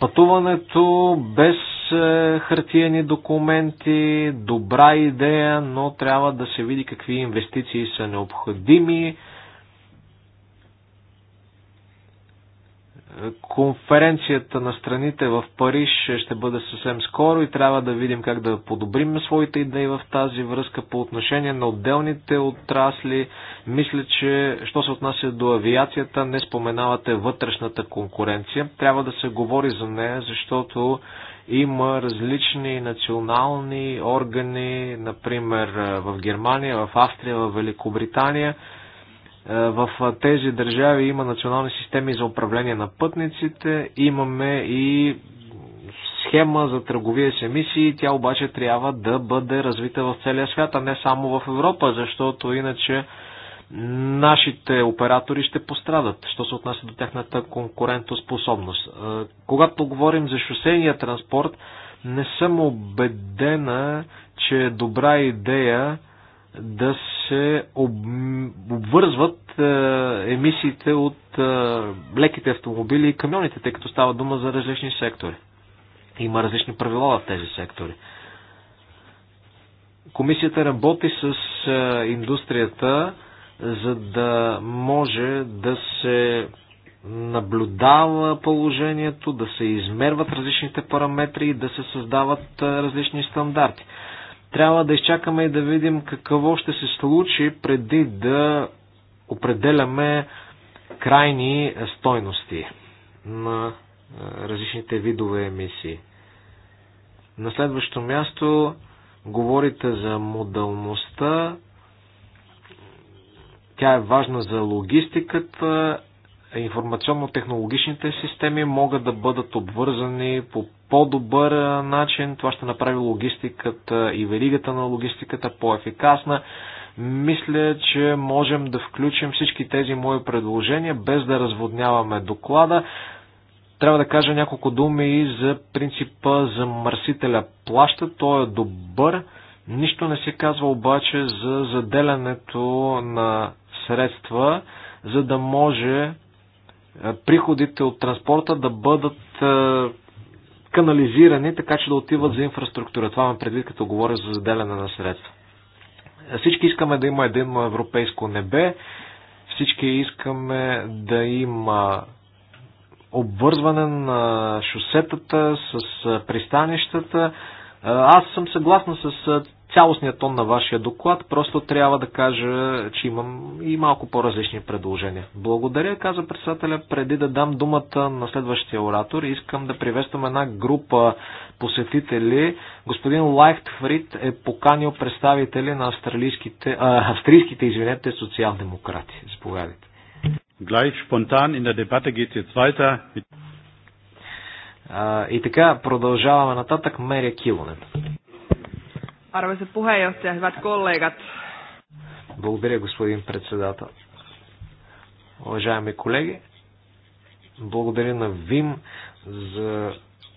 S5: Пътуването без е, хартиени документи, добра идея, но трябва да се види какви инвестиции са необходими. Е, конференцията на страните в Париж ще бъде съвсем скоро и трябва да видим как да подобрим своите идеи в тази връзка по отношение на отделните отрасли. Мисля, че що се отнася до авиацията, не споменавате вътрешната конкуренция. Трябва да се говори за нея, защото има различни национални органи, например в Германия, в Австрия, в Великобритания. В тези държави има национални системи за управление на пътниците, имаме и схема за търговия с емисии, тя обаче трябва да бъде развита в целия свят, а не само в Европа, защото иначе нашите оператори ще пострадат, що се отнася до тяхната конкурентоспособност. Е, когато говорим за шосейния транспорт, не съм убедена, че е добра идея да се обвързват е, емисиите от е, леките автомобили и камионите, тъй като става дума за различни сектори. Има различни правила в тези сектори. Комисията работи с индустрията, за да може да се наблюдава положението, да се измерват различните параметри и да се създават различни стандарти. Трябва да изчакаме и да видим какво ще се случи преди да определяме крайни стойности на различните видове емисии. На следващо място говорите за модалността тя е важна за логистиката. Информационно-технологичните системи могат да бъдат обвързани по по-добър начин. Това ще направи логистиката и веригата на логистиката по-ефикасна. Мисля, че можем да включим всички тези мои предложения, без да разводняваме доклада. Трябва да кажа няколко думи и за принципа за мърсителя плаща. Той е добър. Нищо не се казва обаче за заделянето на средства, за да може е, приходите от транспорта да бъдат е, канализирани, така че да отиват за инфраструктура. Това ме предвид, като говоря за заделяне на средства. Всички искаме да има един европейско небе, всички искаме да има обвързване на шосетата с е, пристанищата. Аз съм съгласна с цялостния тон на вашия доклад, просто трябва да кажа, че имам и малко по-различни предложения. Благодаря, каза председателя, преди да дам думата на следващия оратор, искам да приветствам една група посетители. Господин Лайхтфрид е поканил представители на
S2: австралийските, а, австрийските, извинете, социал-демократи. Заповядайте. Gleich spontan in der Debatte geht jetzt weiter. И така, продължаваме нататък. Мерия Килонен.
S4: Arvoisa puheenjohtaja, hyvät kollegat.
S5: Благодаря, господин председател. Уважаеми колеги, благодаря на ВИМ за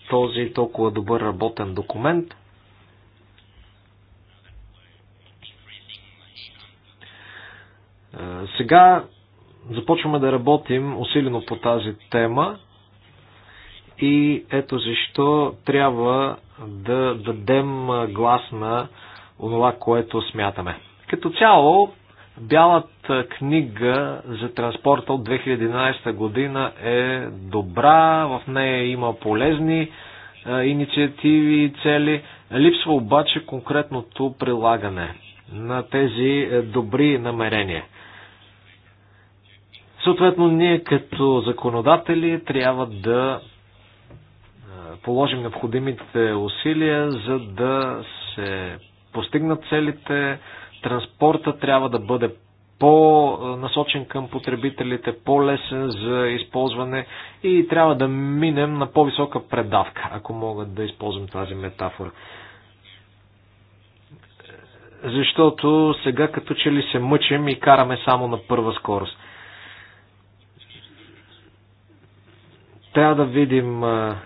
S5: този толкова добър работен документ. Сега започваме да работим усилено по тази тема и ето защо трябва да дадем глас на онова, което смятаме. Като цяло, Бялата книга за транспорта от 2011 година е добра, в нея има полезни е, инициативи и цели. Липсва обаче конкретното прилагане на тези е, добри намерения. Съответно, ние като законодатели трябва да положим необходимите усилия, за да се постигнат целите. Транспорта трябва да бъде по-насочен към потребителите, по-лесен за използване и трябва да минем на по-висока предавка, ако мога да използвам тази метафора. Защото сега като че ли се мъчим и караме само на първа скорост. Трябва да видим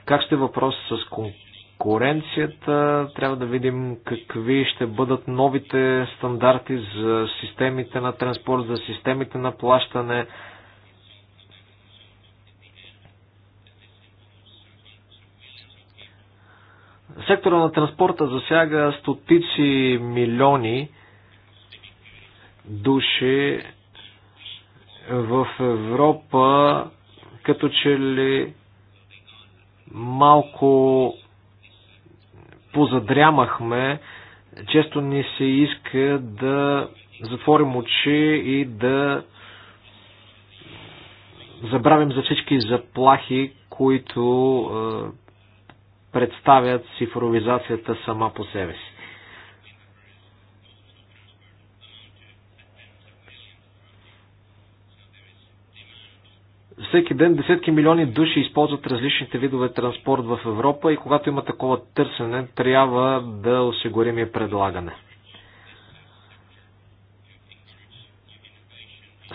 S5: как ще е въпрос с конкуренцията, трябва да видим какви ще бъдат новите стандарти за системите на транспорт, за системите на плащане. Сектора на транспорта засяга стотици милиони души в Европа като че ли малко позадрямахме, често ни се иска да затворим очи и да забравим за всички заплахи, които представят цифровизацията сама по себе си. Всеки ден десетки милиони души използват различните видове транспорт в Европа и когато има такова търсене, трябва да осигурим и предлагане.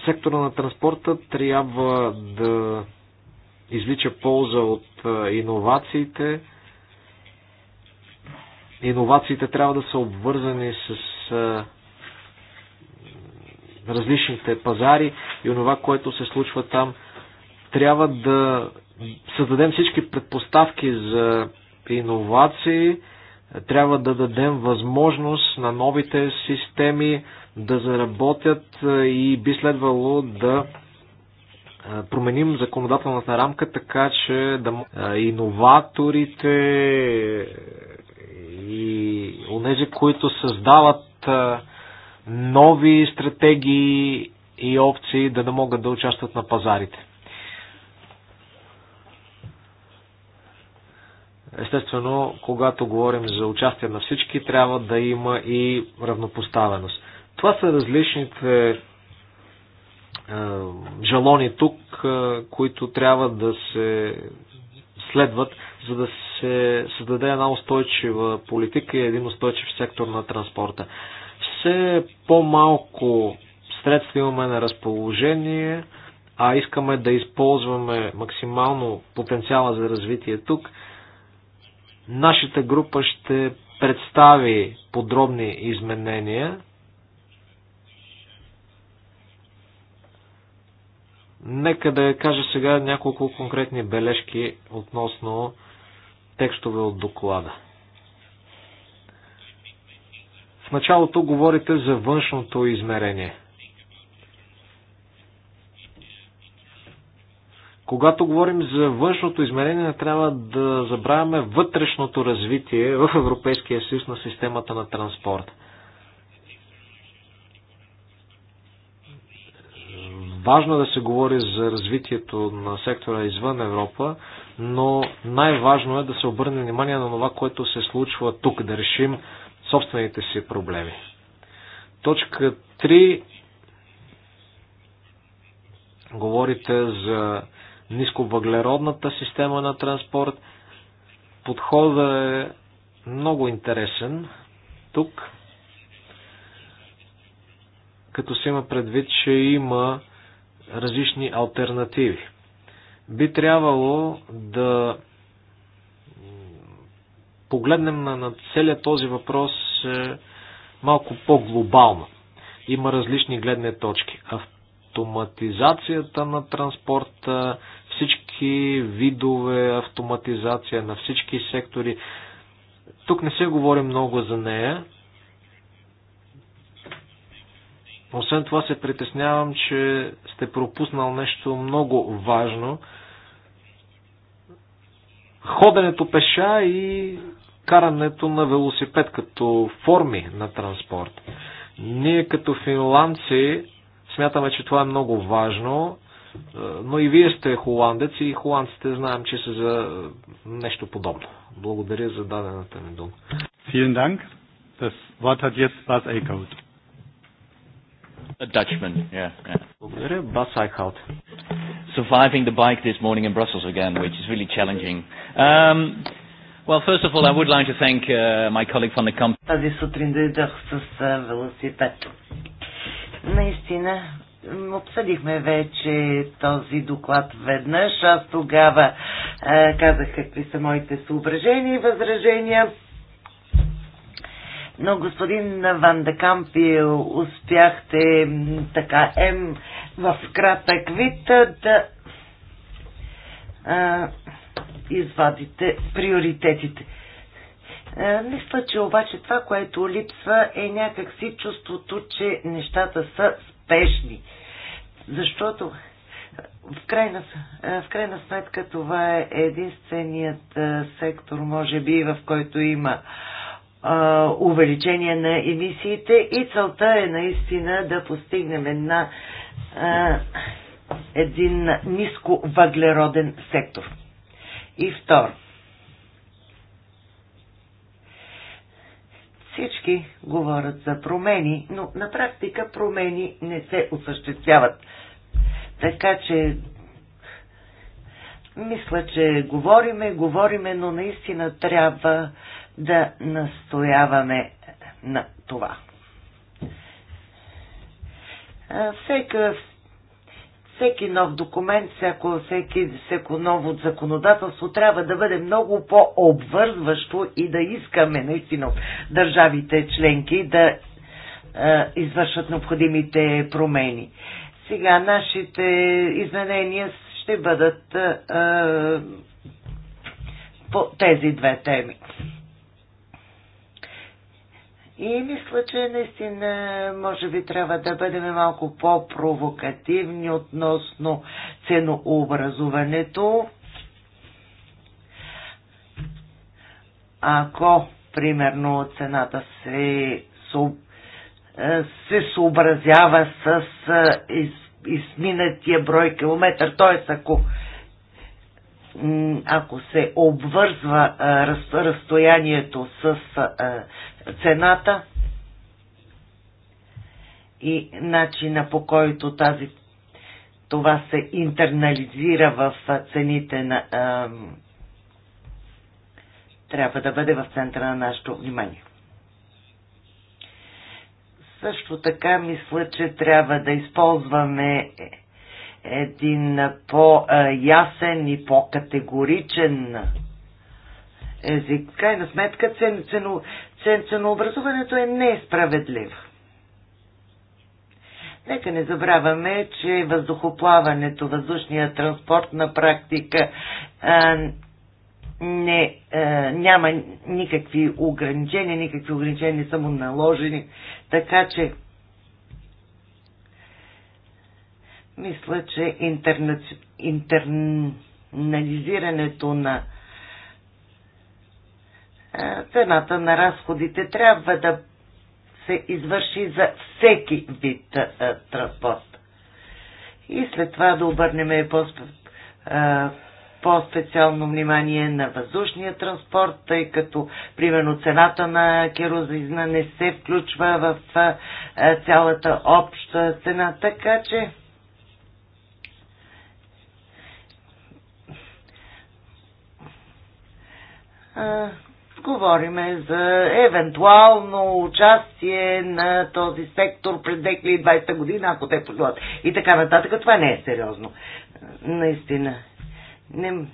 S5: Сектора на транспорта трябва да извлича полза от иновациите. Иновациите трябва да са обвързани с различните пазари и онова, което се случва там – трябва да създадем всички предпоставки за иновации, трябва да дадем възможност на новите системи да заработят и би следвало да променим законодателната рамка така, че да иноваторите и онези, които създават нови стратегии и опции да не могат да участват на пазарите. Естествено, когато говорим за участие на всички, трябва да има и равнопоставеност. Това са различните е, жалони тук, е, които трябва да се следват, за да се създаде една устойчива политика и един устойчив сектор на транспорта. Все по-малко средства имаме на разположение, а искаме да използваме максимално потенциала за развитие тук – Нашата група ще представи подробни изменения. Нека да кажа сега няколко конкретни бележки относно текстове от доклада. В началото говорите за външното измерение. Когато говорим за външното измерение, не трябва да забравяме вътрешното развитие в Европейския съюз на системата на транспорт. Важно е да се говори за развитието на сектора извън Европа, но най-важно е да се обърне внимание на това, което се случва тук, да решим собствените си проблеми. Точка 3 говорите за нисковъглеродната система на транспорт. Подходът е много интересен тук, като се има предвид, че има различни альтернативи. Би трябвало да погледнем на, на целият този въпрос е, малко по-глобално. Има различни гледни точки. Автоматизацията на транспорта, всички видове автоматизация, на всички сектори. Тук не се говори много за нея. Освен това се притеснявам, че сте пропуснал нещо много важно. Ходенето пеша и карането на велосипед като форми на транспорт. Ние като финландци смятаме, че това е много важно. Но и вие сте холандец и холандците знаем, че са за нещо подобно. Благодаря за дадената ми дума.
S2: Vielen Dank. Das Wort hat jetzt Bas Eickhout.
S5: A Dutchman, yeah. yeah. Благодаря, Бас Eickhout.
S1: Surviving the bike this morning in Brussels again, which is really challenging. Um, Well, first of all, I would like to thank uh, my colleague from the company.
S3: Тази сутрин дойдох с велосипед. Наистина, обсъдихме вече този доклад веднъж. Аз тогава е, казах какви са моите съображения и възражения. Но господин Ван успяхте така ем в кратък вид да а, извадите приоритетите. мисля, че обаче това, което липсва е някакси чувството, че нещата са успешни. Защото в крайна, е, в крайна сметка това е единственият е, сектор, може би, в който има е, увеличение на емисиите и целта е наистина да постигнем на един ниско въглероден сектор. И второ, Всички говорят за промени, но на практика промени не се осъществяват. Така че мисля, че говориме, говориме, но наистина трябва да настояваме на това. Всека, всеки нов документ, всяко, всеки, всеко ново законодателство трябва да бъде много по-обвързващо и да искаме наистина държавите членки да е, извършат необходимите промени. Сега нашите изменения ще бъдат е, е по тези две теми. И мисля, че наистина може би трябва да бъдем малко по-провокативни относно ценообразуването. Ако, примерно, цената се, се съобразява с изминатия брой километър, т.е. ако ако се обвързва разстоянието с цената и начина по който тази, това се интернализира в цените на трябва да бъде в центъра на нашето внимание. Също така мисля, че трябва да използваме един по-ясен и по-категоричен език. Крайна сметка цен, цено, цен, ценообразуването е несправедливо. Нека не забравяме, че въздухоплаването, въздушния транспорт на практика а, не, а, няма никакви ограничения, никакви ограничения не са му наложени, така че Мисля, че интернализирането на е, цената на разходите трябва да се извърши за всеки вид е, транспорт. И след това да обърнем е, по-специално внимание на въздушния транспорт, тъй като, примерно, цената на керозизна не се включва в цялата обща цена, така че говориме за евентуално участие на този сектор през 2020 година, ако те пожелат. И така нататък. Това не е сериозно. Наистина. Не,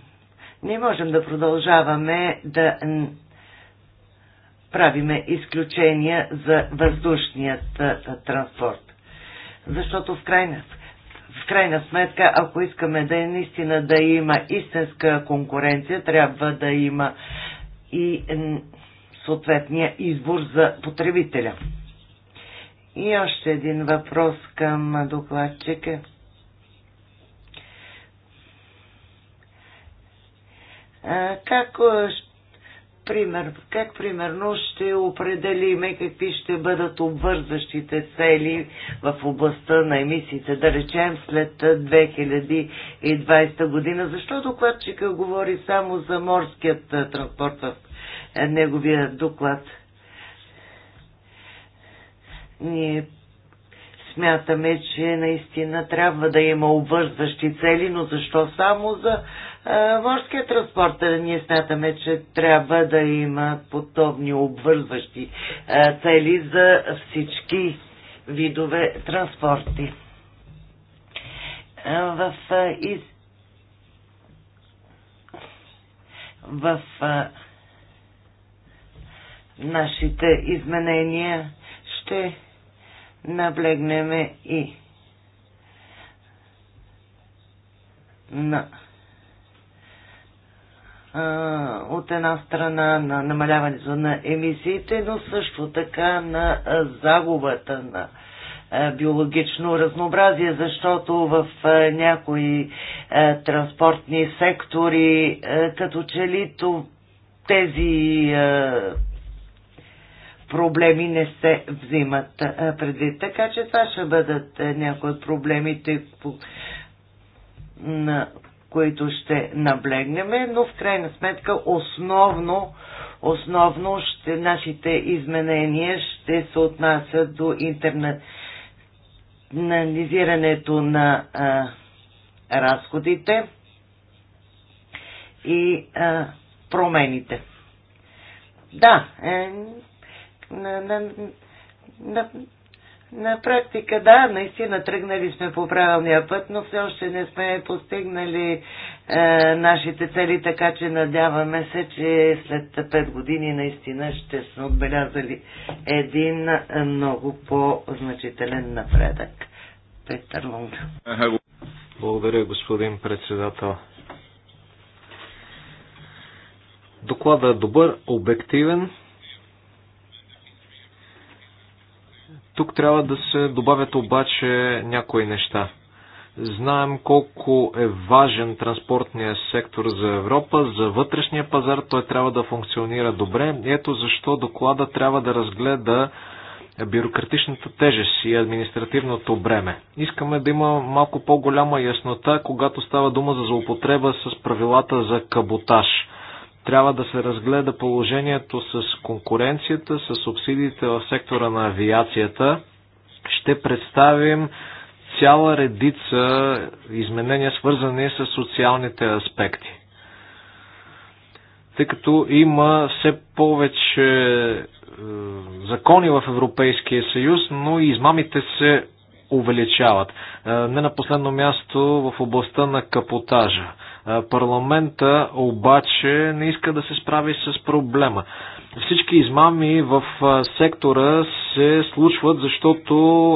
S3: не можем да продължаваме да правиме изключения за въздушният транспорт. Защото в крайна, в крайна сметка, ако искаме да е наистина да има истинска конкуренция, трябва да има и съответния избор за потребителя. И още един въпрос към докладчика. Как пример, как примерно ще определиме какви ще бъдат обвързващите цели в областта на емисиите, да речем след 2020 година, защото докладчика говори само за морският е, транспорт в е, неговия доклад. Ние смятаме, че наистина трябва да има обвързващи цели, но защо само за морския транспорт. Ние смятаме, че трябва да има подобни обвързващи цели за всички видове транспорти. В, из... в нашите изменения ще наблегнеме и на no от една страна на намаляването на емисиите, но също така на загубата на биологично разнообразие, защото в някои транспортни сектори, като че ли тези проблеми не се взимат предвид. Така че това ще бъдат някои от проблемите, на които ще наблегнем, но в крайна сметка основно, основно ще, нашите изменения ще се отнасят до интернализирането на а, разходите и а, промените. Да, е, на, на, на, на практика, да, наистина тръгнали сме по правилния път, но все още не сме постигнали е, нашите цели, така че надяваме се, че след 5 години наистина ще сме отбелязали един е, много по-значителен напредък. Петър Лунг.
S5: Благодаря, господин председател. Докладът е добър, обективен, Тук трябва да се добавят обаче някои неща. Знаем колко е важен транспортния сектор за Европа, за вътрешния пазар той трябва да функционира добре. Ето защо доклада трябва да разгледа бюрократичната тежест и административното бреме. Искаме да има малко по-голяма яснота, когато става дума за злоупотреба с правилата за каботаж. Трябва да се разгледа положението с конкуренцията, с субсидиите в сектора на авиацията. Ще представим цяла редица изменения, свързани с социалните аспекти. Тъй като има все повече е, закони в Европейския съюз, но и измамите се увеличават. Е, не на последно място в областта на капотажа. Парламента обаче не иска да се справи с проблема. Всички измами в сектора се случват, защото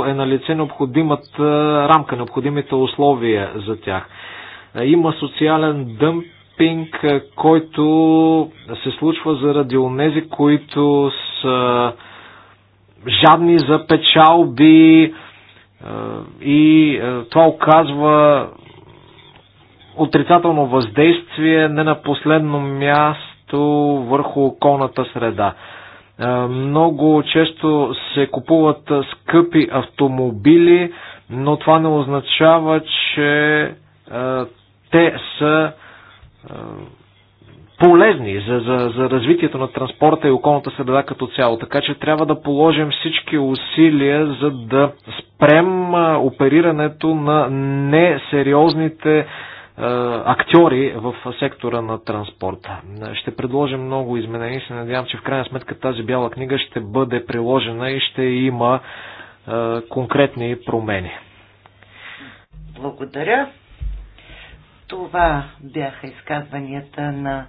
S5: е на лице необходимата рамка, необходимите условия за тях. Има социален дъмп дъмпинг, който се случва заради онези, които са жадни за печалби и това оказва отрицателно въздействие не на последно място върху околната среда. Е, много често се купуват скъпи автомобили, но това не означава, че е, те са е, полезни за, за, за развитието на транспорта и околната среда като цяло. Така че трябва да положим всички усилия, за да спрем оперирането на несериозните е, актьори в сектора на транспорта. Ще предложим много изменения и се надявам, че в крайна сметка тази бяла книга ще бъде приложена и ще има е, конкретни промени.
S3: Благодаря. Това бяха изказванията на,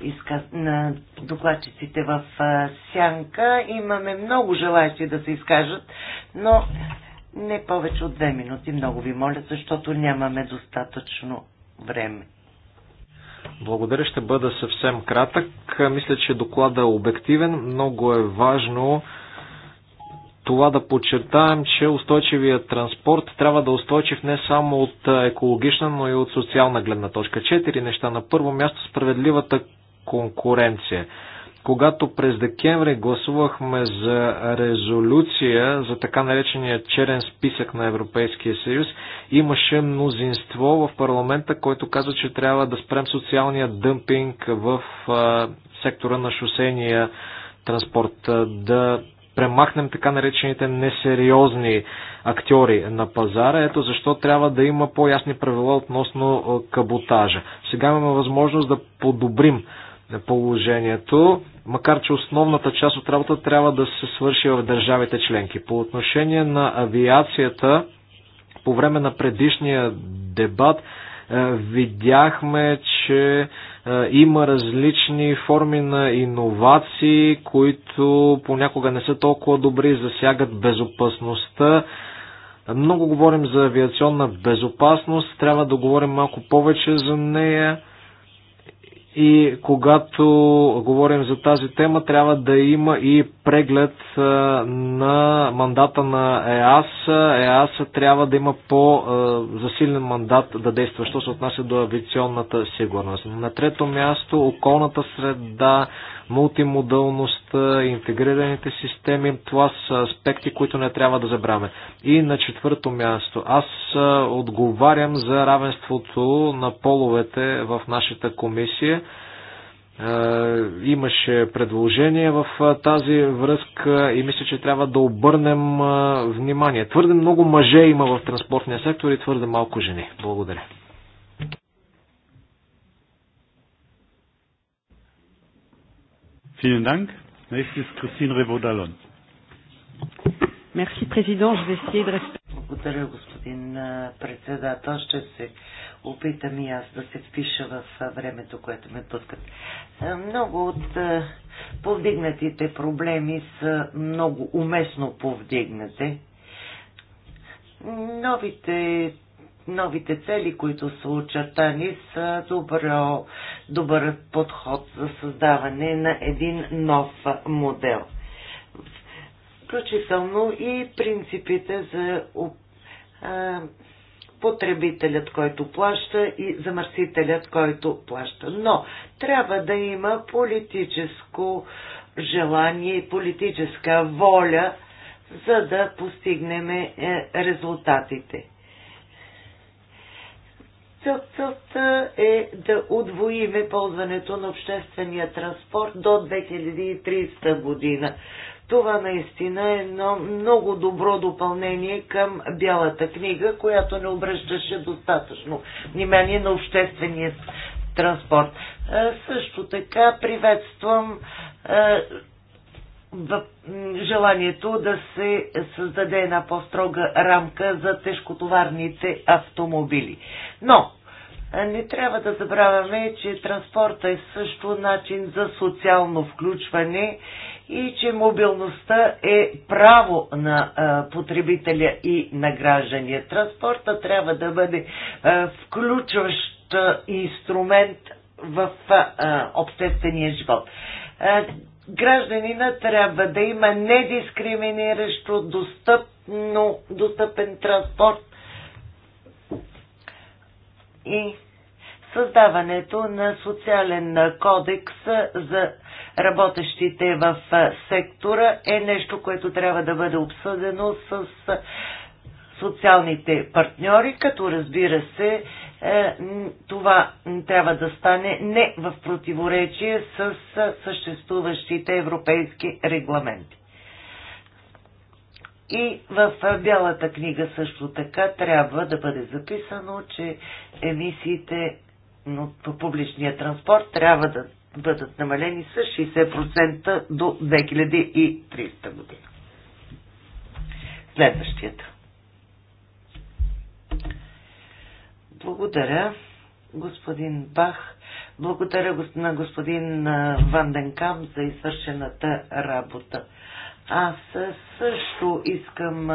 S3: изказ... на докладчиците в е, Сянка. Имаме много желаящи да се изкажат, но не повече от две минути, много ви моля, защото нямаме достатъчно
S5: време. Благодаря, ще бъда съвсем кратък. Мисля, че доклада е обективен. Много е важно това да подчертаем, че устойчивият транспорт трябва да е устойчив не само от екологична, но и от социална гледна точка. Четири неща. На първо място справедливата конкуренция когато през декември гласувахме за резолюция за така наречения черен списък на Европейския съюз, имаше мнозинство в парламента, който каза, че трябва да спрем социалния дъмпинг в сектора на шосения транспорт, да премахнем така наречените несериозни актьори на пазара. Ето защо трябва да има по-ясни правила относно каботажа. Сега имаме възможност да подобрим положението макар че основната част от работа трябва да се свърши в държавите членки. По отношение на авиацията, по време на предишния дебат, е, видяхме, че е, има различни форми на иновации, които понякога не са толкова добри, засягат безопасността. Много говорим за авиационна безопасност, трябва да говорим малко повече за нея. И когато говорим за тази тема, трябва да има и преглед на мандата на ЕАС. ЕАС трябва да има по-засилен мандат да действа, що се отнася до авиационната сигурност. На трето място околната среда, мултимодалност, интегрираните системи. Това са аспекти, които не трябва да забравяме. И на четвърто място. Аз отговарям за равенството на половете в нашата комисия. Е, имаше предложение в е, тази връзка и мисля, че трябва да обърнем е, внимание. Твърде много мъже има в транспортния сектор и твърде малко жени. Благодаря.
S2: Vielen Dank. ist Christine Revaud-Dallon.
S3: Merci, Président. Je vais essayer de господин председател. Ще се опитам и аз да се впиша в времето, което ме пускат. Много от повдигнатите проблеми са много уместно повдигнати. Новите новите цели, които са очертани, са добро, добър подход за създаване на един нов модел. Включително и принципите за потребителят, който плаща и замърсителят, който плаща. Но трябва да има политическо желание и политическа воля, за да постигнем е, резултатите. Целта е да удвоиме ползването на обществения транспорт до 2030 година. Това наистина е едно много добро допълнение към Бялата книга, която не обръщаше достатъчно внимание на обществения транспорт. Също така приветствам желанието да се създаде една по-строга рамка за тежкотоварните автомобили. Но не трябва да забравяме, че транспорта е също начин за социално включване и че мобилността е право на а, потребителя и на граждания. Транспорта трябва да бъде а, включващ а, инструмент в а, а, обществения живот. А, гражданина трябва да има недискриминиращо достъпно, достъпен транспорт и създаването на социален кодекс за работещите в сектора е нещо, което трябва да бъде обсъдено с социалните партньори, като разбира се, е, това трябва да стане не в противоречие с съществуващите европейски регламенти. И в Бялата книга също така трябва да бъде записано, че емисиите от публичния транспорт трябва да бъдат намалени с 60% до 2300 година. Следващият. Благодаря, господин Бах. Благодаря на господин Ванденкам за извършената работа. Аз също искам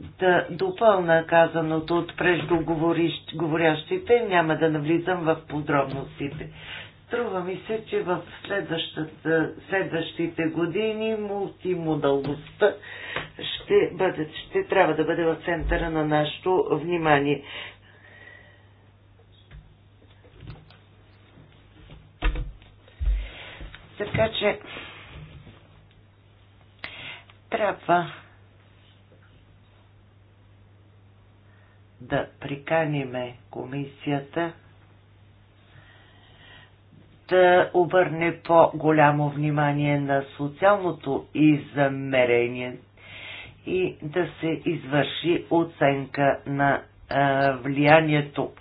S3: да допълна казаното от преждоговорящите. Няма да навлизам в подробностите. Струва ми се, че в следващите години мултимодалността ще, бъде, ще трябва да бъде в центъра на нашето внимание. Така че трябва да приканиме комисията да обърне по-голямо внимание на социалното измерение и да се извърши оценка на а, влиянието.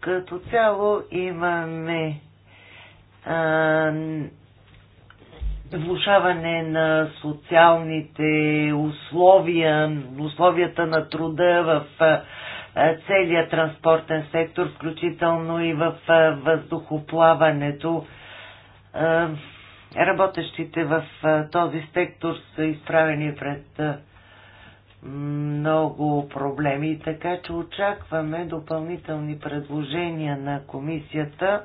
S3: Като цяло имаме влушаване на социалните условия, условията на труда в целия транспортен сектор, включително и в въздухоплаването. Работещите в този сектор са изправени пред много проблеми, така че очакваме допълнителни предложения на комисията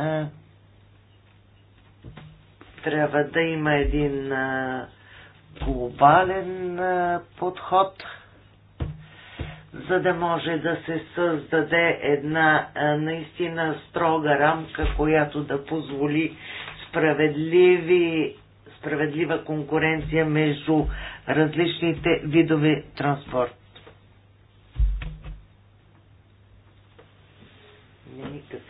S3: а, трябва да има един а, глобален а, подход, за да може да се създаде една а, наистина строга рамка, която да позволи справедливи, справедлива конкуренция между различните видове транспорт. Не ми да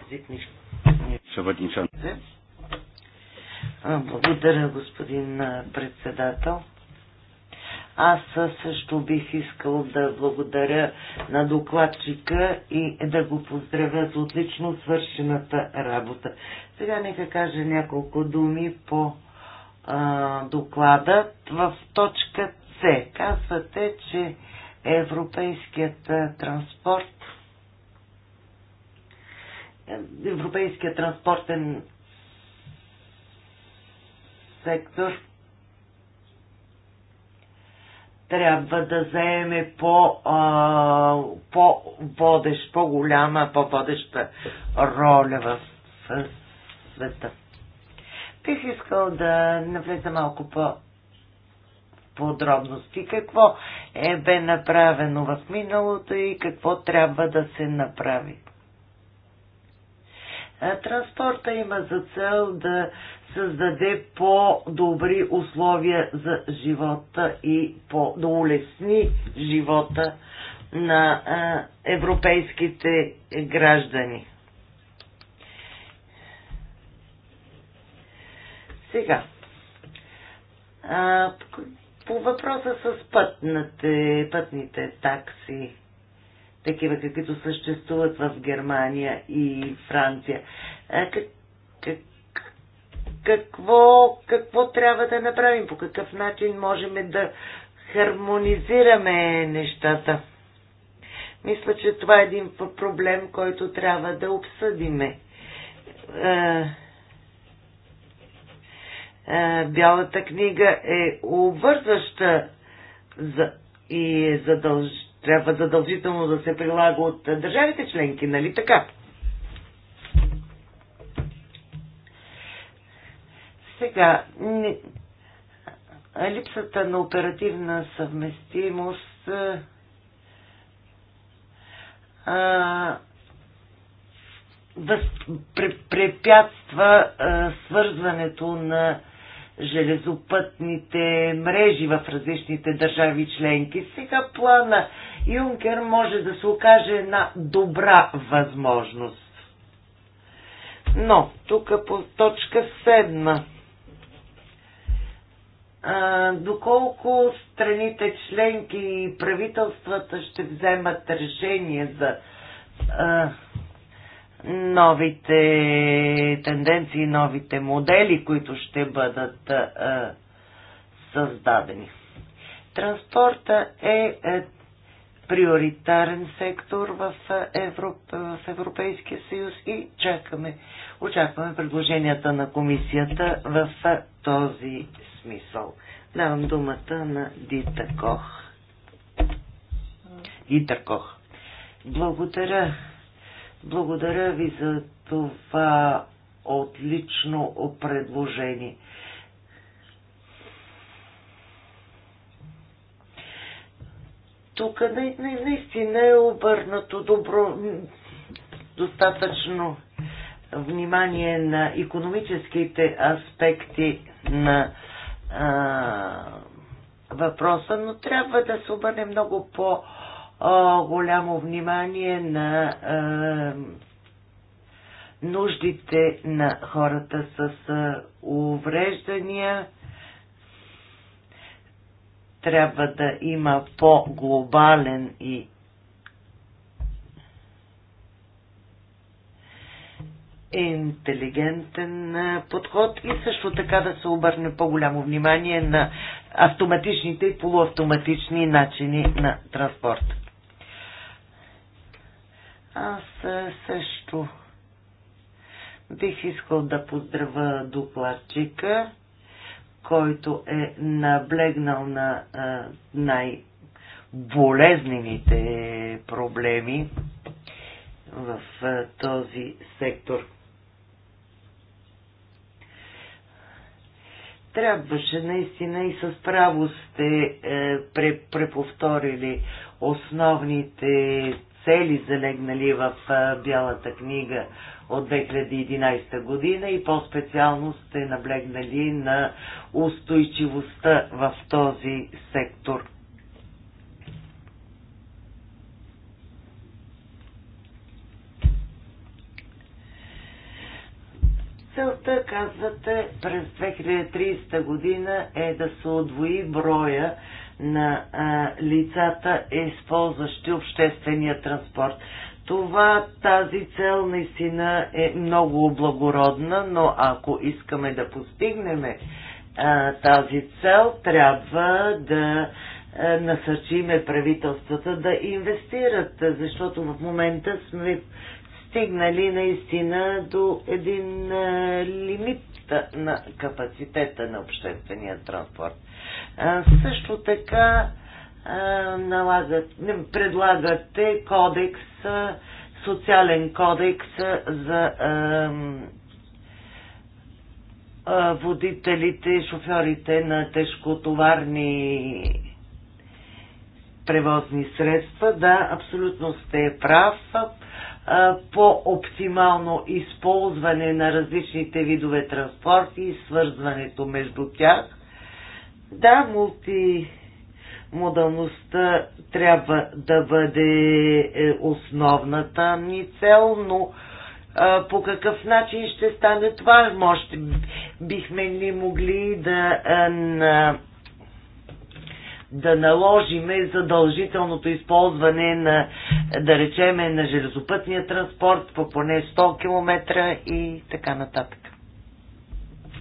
S3: благодаря, господин председател. Аз също бих искал да благодаря на докладчика и да го поздравя за отлично свършената работа. Сега нека кажа няколко думи по а, доклада. В точка С казвате, че европейският транспорт европейския транспортен сектор трябва да заеме по, а, по водещ, по-голяма, по-водеща роля в, в света. Бих искал да навлеза малко по подробности. Какво е бе направено в миналото и какво трябва да се направи. Е, транспорта има за цел да създаде по-добри условия за живота и по- да улесни живота на е, европейските граждани. Сега, е, по въпроса с пътните, пътните такси такива каквито съществуват в Германия и Франция. Как, как, какво, какво трябва да направим? По какъв начин можем да хармонизираме нещата? Мисля, че това е един проблем, който трябва да обсъдиме. Бялата книга е обвързваща и е задълж, трябва задължително да се прилага от държавите членки, нали така? Сега, липсата на оперативна съвместимост а, да препятства а, свързването на железопътните мрежи в различните държави членки. Сега плана Юнкер може да се окаже една добра възможност. Но, тук по точка седма. А, доколко страните членки и правителствата ще вземат решение за а, новите тенденции, новите модели, които ще бъдат създадени. Транспорта е, е приоритарен сектор в, Европа, в Европейския съюз и чакаме, очакваме предложенията на комисията в този смисъл. Давам думата на Дита Кох. Дита Кох. Благодаря, благодаря ви за това отлично предложение. Тук наистина е обърнато добро, достатъчно внимание на економическите аспекти на а, въпроса, но трябва да се обърне много по- голямо внимание на а, нуждите на хората с а, увреждания. Трябва да има по-глобален и интелигентен подход и също така да се обърне по-голямо внимание на автоматичните и полуавтоматични начини на транспорт. Аз е, също бих искал да поздравя докладчика, който е наблегнал на е, най-болезнените проблеми в е, този сектор. трябваше наистина и с право сте е, преповторили основните цели залегнали в Бялата книга от 2011 година и по-специално сте наблегнали на устойчивостта в този сектор. Целта, казвате, през 2030 година е да се отвои броя на а, лицата, използващи обществения транспорт. Това, тази цел наистина е много благородна, но ако искаме да постигнем а, тази цел, трябва да а, насърчиме правителствата да инвестират, защото в момента сме стигнали наистина до един а, лимит на капацитета на обществения транспорт. Също така налагат, предлагате кодекс, социален кодекс за водителите, шофьорите на тежкотоварни превозни средства. Да, абсолютно сте прав. По оптимално използване на различните видове транспорти и свързването между тях да, мулти модалността трябва да бъде е, основната ни цел, но а, по какъв начин ще стане това? Може бихме ли могли да, а, на, да наложиме задължителното използване на, да речеме, на железопътния транспорт по поне 100 км и така нататък.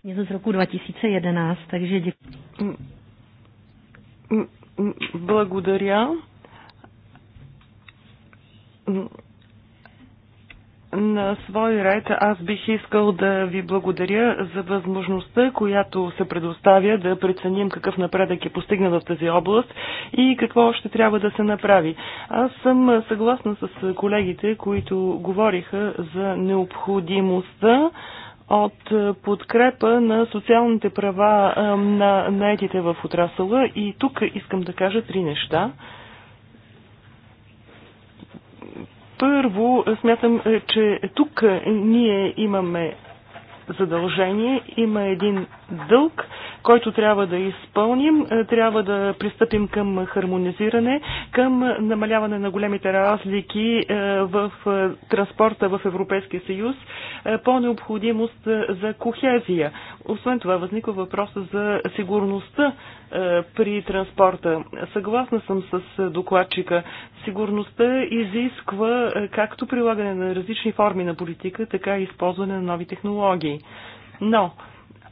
S4: Je to z roku 2011, takže děkuji. Благодаря. На свой ред аз бих искал да ви благодаря за възможността, която се предоставя да преценим какъв напредък е постигнал в тази област и какво още трябва да се направи. Аз съм съгласна с колегите, които говориха за необходимостта от е, подкрепа на социалните права е, на наетите в отрасъла. И тук искам да кажа три неща. Първо, смятам, е, че тук ние имаме задължение, има един дълг който трябва да изпълним. Е, трябва да пристъпим към хармонизиране, към намаляване на големите разлики е, в е, транспорта в Европейския съюз по необходимост за кохезия. Освен това възниква въпроса за сигурността при транспорта. Съгласна съм с докладчика. Сигурността изисква както прилагане на различни форми на политика, така и използване на нови технологии. Но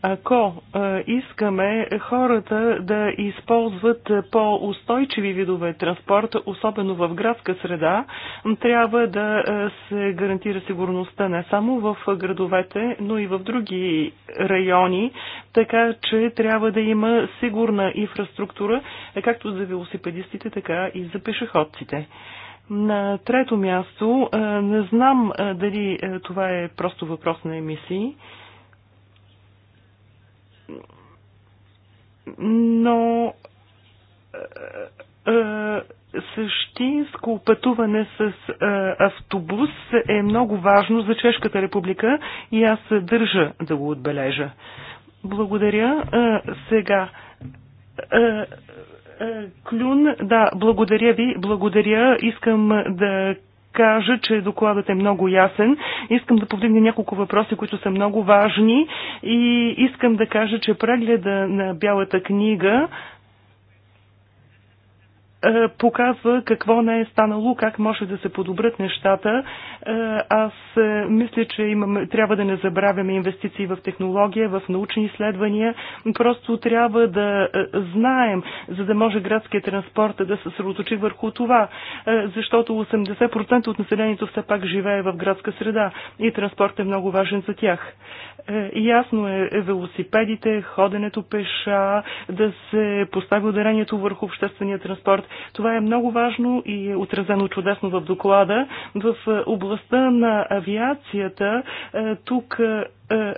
S4: ако искаме хората да използват по-устойчиви видове транспорт, особено в градска среда, трябва да се гарантира сигурността не само в градовете, но и в други райони, така че трябва да има сигурна инфраструктура, както за велосипедистите, така и за пешеходците. На трето място, не знам дали това е просто въпрос на емисии, но е, е, същинско пътуване с е, автобус е много важно за Чешката република и аз държа да го отбележа. Благодаря. сега. Клюн, да, благодаря ви, благодаря. Искам да кажа, че докладът е много ясен. Искам да повдигна няколко въпроси, които са много важни и искам да кажа, че прегледа на Бялата книга е, показва какво не е станало, как може да се подобрят нещата. Е, аз е, мисля, че имам, трябва да не забравяме инвестиции в технология, в научни изследвания. Просто трябва да знаем, за да може градския транспорт да се съсредоточи върху това, защото 80% от населението все пак живее в градска среда и транспорт е много важен за тях. Е, ясно е, е велосипедите, ходенето пеша, да се постави ударението върху обществения транспорт. Това е много важно и е отразено чудесно в доклада. В е, областта на авиацията тук е,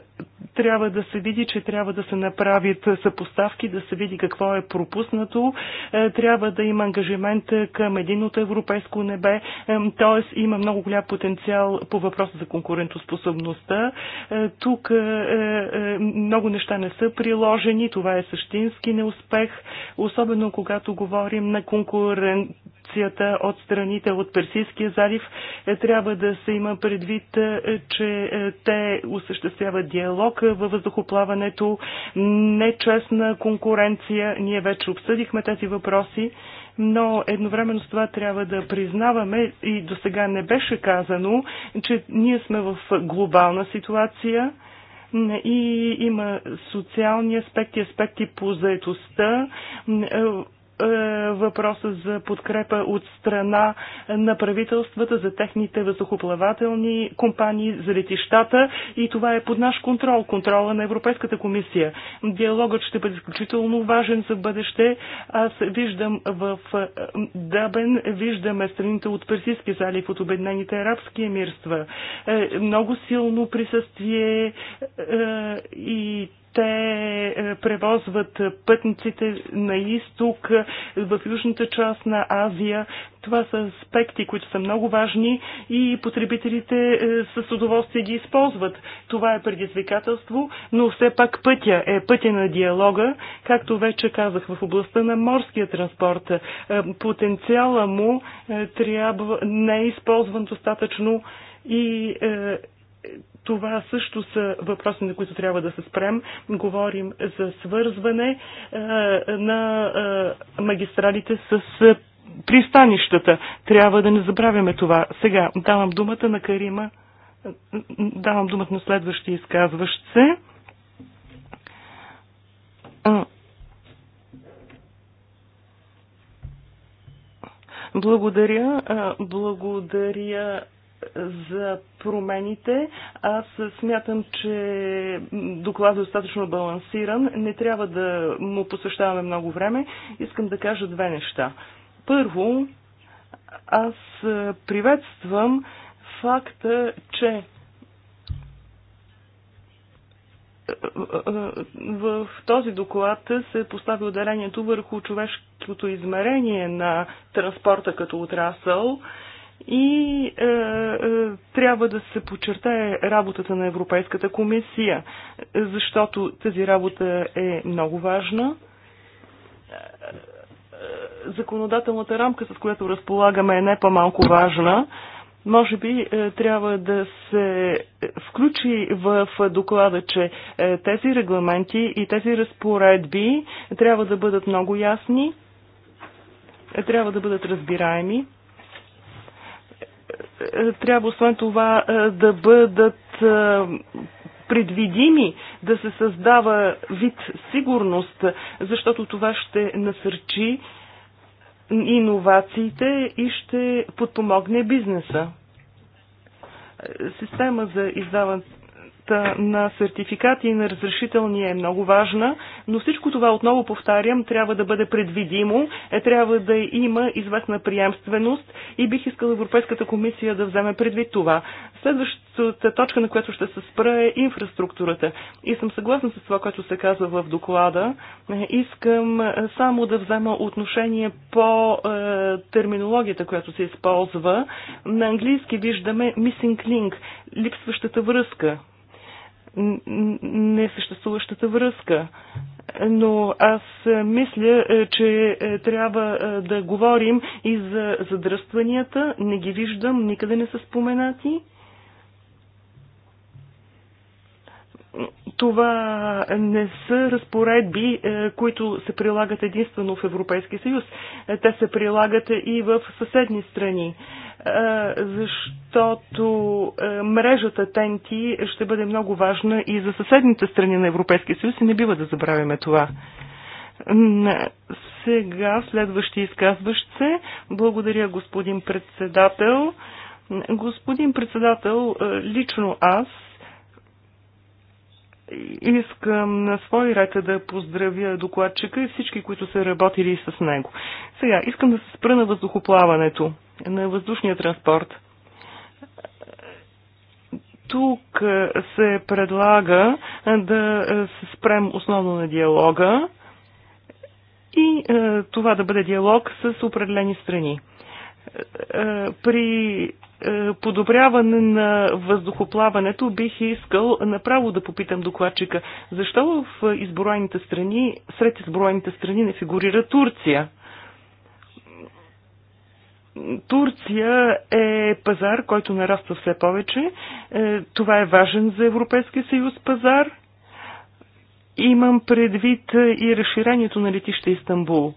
S4: трябва да се види, че трябва да се направят съпоставки, да се види какво е пропуснато. Е, трябва да има ангажимент към един от европейско небе. Т.е. има много голям потенциал по въпроса за конкурентоспособността. Е, тук много неща не са приложени. Това е същински неуспех, особено когато говорим на конкурент корупцията от страните от Персийския залив. Е, трябва да се има предвид, е, че е, те осъществяват диалог във въздухоплаването, нечестна конкуренция. Ние вече обсъдихме тези въпроси но едновременно с това трябва да признаваме, и до сега не беше казано, че ние сме в глобална ситуация и има социални аспекти, аспекти по заетостта. Е, въпроса за подкрепа от страна на правителствата за техните въздухоплавателни компании, за летищата и това е под наш контрол, контрола на Европейската комисия. Диалогът ще бъде изключително важен за бъдеще. Аз виждам в е, Дабен, виждаме страните от Персийски залив, от Обеднените арабски емирства. Е, много силно присъствие и те е, превозват пътниците на изток, е, в южната част на Азия. Това са аспекти, които са много важни и потребителите е, с удоволствие ги използват. Това е предизвикателство, но все пак пътя е пътя на диалога, както вече казах, в областта на морския транспорт. Потенциала му трябва, не е използван достатъчно и това също са въпроси, на които трябва да се спрем. Говорим за свързване е, на е, магистралите с е, пристанищата. Трябва да не забравяме това. Сега давам думата на Карима. Давам думата на следващия изказващ се. Благодаря. Благодаря за промените. Аз смятам, че докладът е достатъчно балансиран. Не трябва да му посвещаваме много време. Искам да кажа две неща. Първо, аз приветствам факта, че в този доклад се постави ударението върху човешкото измерение на транспорта като отрасъл и е, е, трябва да се подчертае работата на Европейската комисия, защото тази работа е много важна. Е, е, законодателната рамка, с която разполагаме, е не по-малко важна. Може би е, трябва да се включи в доклада, че е, тези регламенти и тези разпоредби трябва да бъдат много ясни, трябва да бъдат разбираеми трябва освен това да бъдат предвидими, да се създава вид сигурност, защото това ще насърчи иновациите и ще подпомогне бизнеса. Система за издаването Темата на сертификати и на разрешителни е много важна, но всичко това, отново повтарям, трябва да бъде предвидимо, е, трябва да има известна приемственост и бих искала Европейската комисия да вземе предвид това. Следващата точка, на която ще се спра е инфраструктурата. И съм съгласна с това, което се казва в доклада. Искам само да взема отношение по е, терминологията, която се използва. На английски виждаме missing link, липсващата връзка несъществуващата връзка. Но аз е, мисля, е, че е, трябва да говорим и за задръстванията. Не ги виждам, никъде не са споменати. това не са разпоредби, които се прилагат единствено в Европейския съюз. Те се прилагат и в съседни страни. Е, защото е, мрежата Тенти ще бъде много важна и за съседните страни на Европейския съюз и не бива да забравяме това. Сега следващи изказващ се. Благодаря, господин председател. Господин председател, е, лично аз искам на свой ред да поздравя докладчика и всички, които са работили с него. Сега, искам да се спра на въздухоплаването, на въздушния транспорт. Тук се предлага да се спрем основно на диалога и е, това да бъде диалог с определени страни. Е, при е, подобряване на въздухоплаването бих искал направо да попитам докладчика, защо в изброените страни, сред изброените страни не фигурира Турция? Турция е пазар, който нараства все повече. Е, това е важен за Европейския съюз пазар. Имам предвид и разширението на летище Истанбул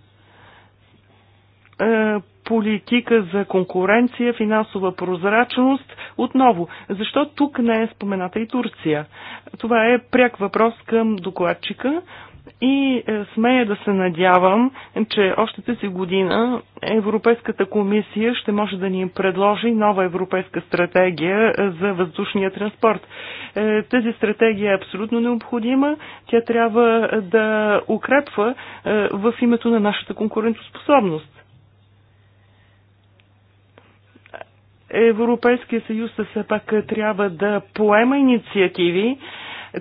S4: политика за конкуренция, финансова прозрачност. Отново, защо тук не е спомената и Турция? Това е пряк въпрос към докладчика и е, смея да се надявам, че още тази година Европейската комисия ще може да ни предложи нова европейска стратегия е, за въздушния транспорт. Е, тази стратегия е абсолютно необходима. Тя трябва да укрепва в името на нашата конкурентоспособност. Европейския съюз все пак трябва да поема инициативи,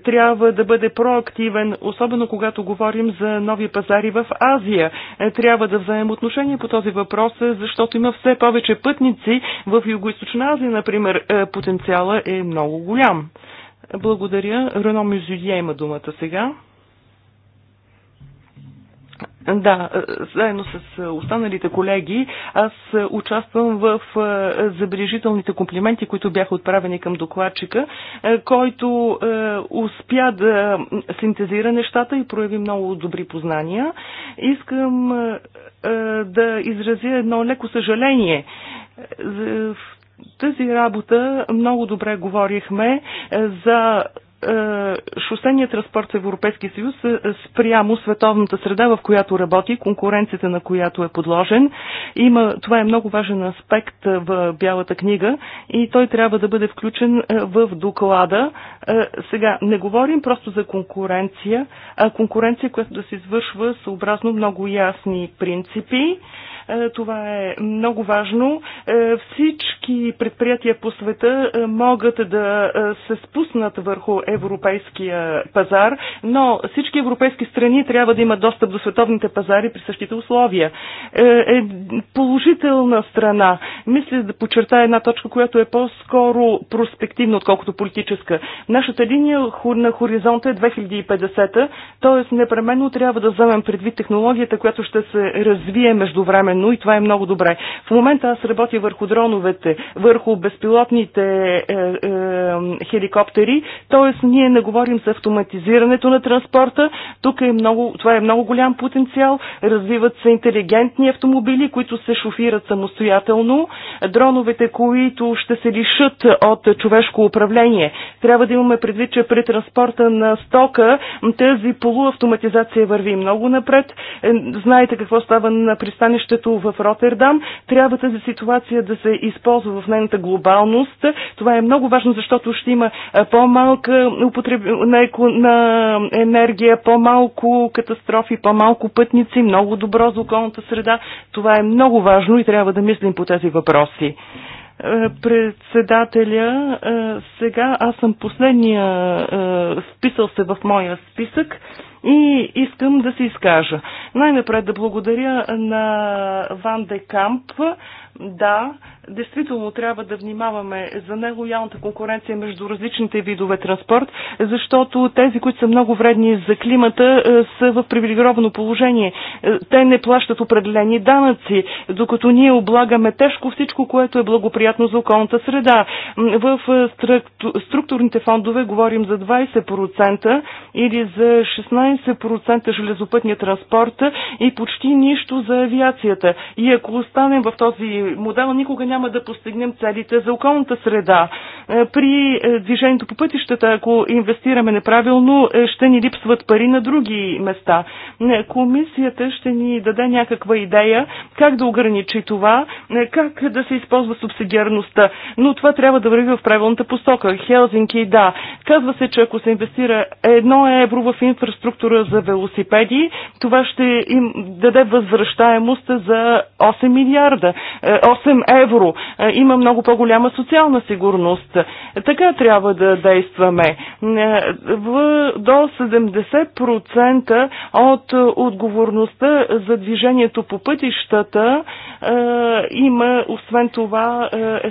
S4: трябва да бъде проактивен, особено когато говорим за нови пазари в Азия. Трябва да вземем отношение по този въпрос, защото има все повече пътници в Юго-Источна Азия, например. Е, потенциала е много голям. Благодаря. Рено Мюзюдия има думата сега. Да, е, заедно с е, останалите колеги, аз е, участвам в забележителните комплименти, които бяха отправени към докладчика, който успя да синтезира нещата и прояви много добри познания. Искам да изразя едно леко съжаление. В тази работа много добре говорихме за е, шосения транспорт в Европейския съюз е, е спрямо световната среда, в която работи, конкуренцията на която е подложен. Има, това е много важен аспект в Бялата книга и той трябва да бъде включен в доклада. Сега, не говорим просто за конкуренция, а конкуренция, която да се извършва съобразно много ясни принципи. Е, това е много важно. Е, всички предприятия по света е, могат да се спуснат върху европейския пазар, но всички европейски страни трябва да имат достъп до световните пазари при същите условия. Е положителна страна. Мисля да подчертая една точка, която е по-скоро проспективна, отколкото политическа. Нашата линия на хоризонта е 2050, т.е. непременно трябва да вземем предвид технологията, която ще се развие междувременно навременно и това е много добре. В момента аз работя върху дроновете, върху безпилотните е, е, хеликоптери, т.е. ние не говорим за автоматизирането на транспорта. Тук е много, това е много голям потенциал. Развиват се интелигентни автомобили, които се шофират самостоятелно. Дроновете, които ще се лишат от човешко управление. Трябва да имаме предвид, че при транспорта на стока тази полуавтоматизация върви много напред. Е, знаете какво става на пристанището като в Ротердам. Трябва тази ситуация да се използва в нейната глобалност. Това е много важно, защото ще има по-малка употреб... на, еко... на енергия, по-малко катастрофи, по-малко пътници, много добро за околната среда. Това е много важно и трябва да мислим по тези въпроси председателя. Сега аз съм последния, вписал се в моя списък. И искам да се изкажа. Най-напред да благодаря на Ван де Камп да, действително трябва да внимаваме за нелоялната конкуренция между различните видове транспорт, защото тези, които са много вредни за климата, е, са в привилегировано положение. Е, те не плащат определени данъци, докато ние облагаме тежко всичко, което е благоприятно за околната среда. В е, структурните фондове говорим за 20% или за 16% железопътния транспорт и почти нищо за авиацията. И ако останем в този модел никога няма да постигнем целите за околната среда. Е, при е, движението по пътищата, ако инвестираме неправилно, е, ще ни липсват пари на други места. Комисията ще ни даде някаква идея как да ограничи това, как да се използва субсидиарността. Но това трябва да върви в правилната посока. Хелзинки, да. Казва се, че ако се инвестира едно евро в инфраструктура за велосипеди, това ще им даде възвръщаемост за 8 милиарда. 8 евро. Е, има много по-голяма социална сигурност. Така трябва да действаме. Е, до 70% от отговорността за движението по пътищата е, има, освен това,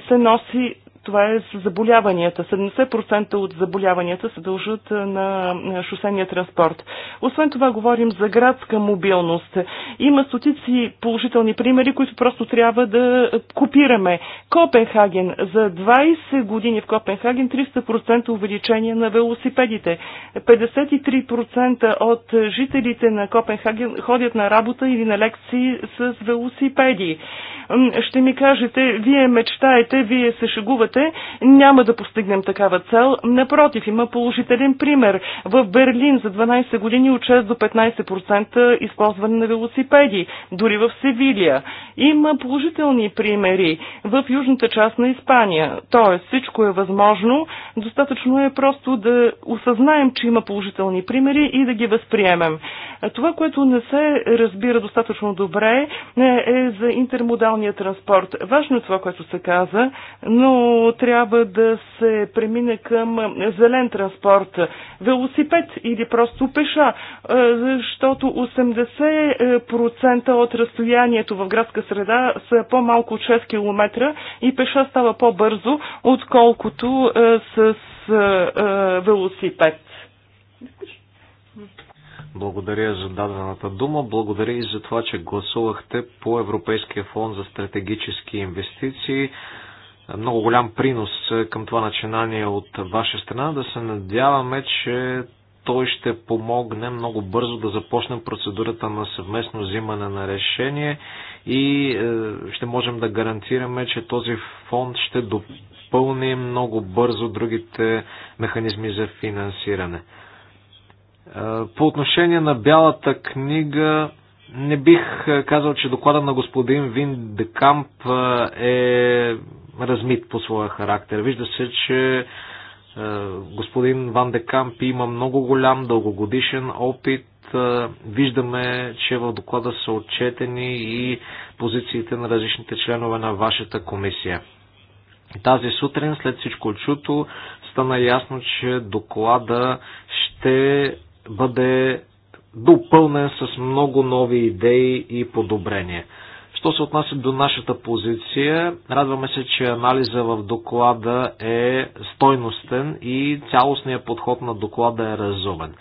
S4: се носи това е с заболяванията. 70% от заболяванията се дължат на шосения транспорт. Освен това говорим за градска мобилност. Има стотици положителни примери, които просто трябва да копираме. Копенхаген. За 20 години в Копенхаген 300% увеличение на велосипедите. 53% от жителите на Копенхаген ходят на работа или на лекции с велосипеди. Ще ми кажете, вие мечтаете, вие се шегувате виждате, няма да постигнем такава цел. Напротив, има положителен пример. В Берлин за 12 години от 6 до 15% използване на велосипеди, дори в Севилия. Има положителни примери в южната част на Испания. Тоест, всичко е възможно. Достатъчно е просто да осъзнаем, че има положителни примери и да ги възприемем. Това, което не се разбира достатъчно добре, е, е за интермодалния транспорт. Важно е това, което се каза, но трябва да се премине към зелен транспорт, велосипед или просто пеша, защото 80% от разстоянието в градска среда са по-малко от 6 км и пеша става по-бързо, отколкото с велосипед.
S5: Благодаря за дадената дума. Благодаря и за това, че гласувахте по Европейския фонд за стратегически инвестиции много голям принос е, към това начинание от ваша страна. Да се надяваме, че той ще помогне много бързо да започнем процедурата на съвместно взимане на решение и е, ще можем да гарантираме, че този фонд ще допълни много бързо другите механизми за финансиране. Е, по отношение на бялата книга, не бих е, казал, че доклада на господин Вин Декамп е, е размит по своя характер. Вижда се, че е, господин Ван Декамп има много голям дългогодишен опит. Виждаме, че в доклада са отчетени и позициите на различните членове на вашата комисия. Тази сутрин, след всичко чуто, стана ясно, че доклада ще бъде допълнен с много нови идеи и подобрения. Що се отнася до нашата позиция, радваме се, че анализа в доклада е стойностен и цялостният подход на доклада е разумен.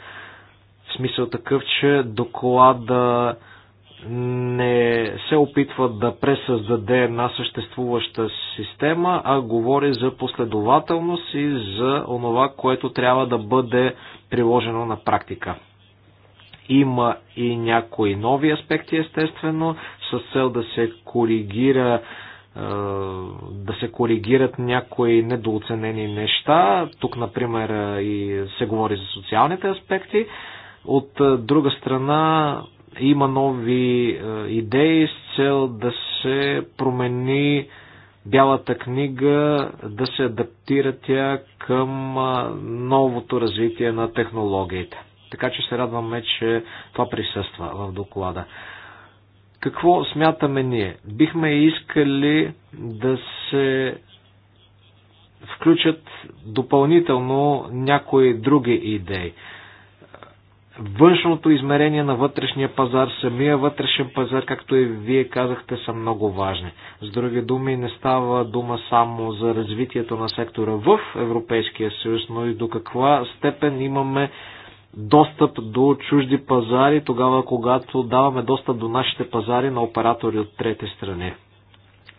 S5: В смисъл такъв, че доклада не се опитва да пресъздаде една съществуваща система, а говори за последователност и за онова, което трябва да бъде приложено на практика. Има и някои нови аспекти, естествено, с цел да се коригира е, да се коригират някои недооценени неща. Тук, например, и се говори за социалните аспекти. От е, друга страна, има нови е, идеи с цел да се промени Бялата книга, да се адаптира тя към новото развитие на технологиите. Така че се радваме, че това присъства в доклада. Какво смятаме ние? Бихме искали да се включат допълнително някои други идеи. Външното измерение на вътрешния пазар, самия вътрешен пазар, както и вие казахте, са много важни. С други думи, не става дума само за развитието на сектора в Европейския съюз, но и до каква степен имаме достъп до чужди пазари, тогава когато даваме достъп до нашите пазари на оператори от трети страни.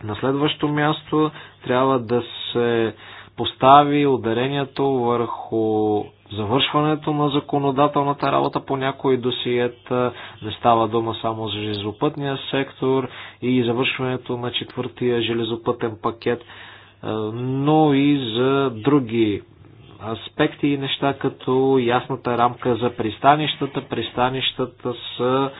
S5: На следващо място трябва да се постави ударението върху завършването на законодателната работа по някои досиета. Не става дума само за железопътния сектор и завършването на четвъртия железопътен пакет, но и за други аспекти и неща, като ясната рамка за пристанищата. Пристанищата са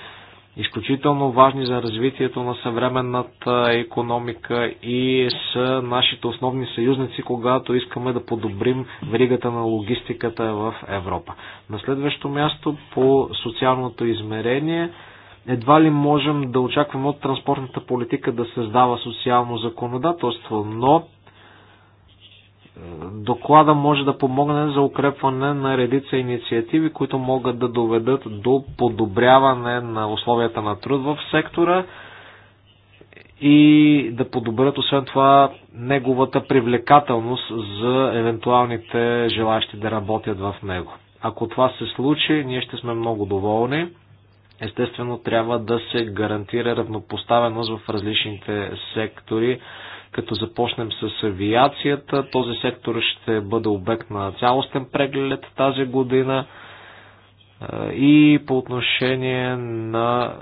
S5: изключително важни за развитието на съвременната економика и са нашите основни съюзници, когато искаме да подобрим вригата на логистиката в Европа. На следващо място по социалното измерение едва ли можем да очакваме от транспортната политика да създава социално законодателство, но Доклада може да помогне за укрепване на редица инициативи, които могат да доведат до подобряване на условията на труд в сектора и да подобрят освен това неговата привлекателност за евентуалните желащи да работят в него. Ако това се случи, ние ще сме много доволни. Естествено, трябва да се гарантира равнопоставеност в различните сектори като започнем с авиацията, този сектор ще бъде обект на цялостен преглед тази година е, и по отношение на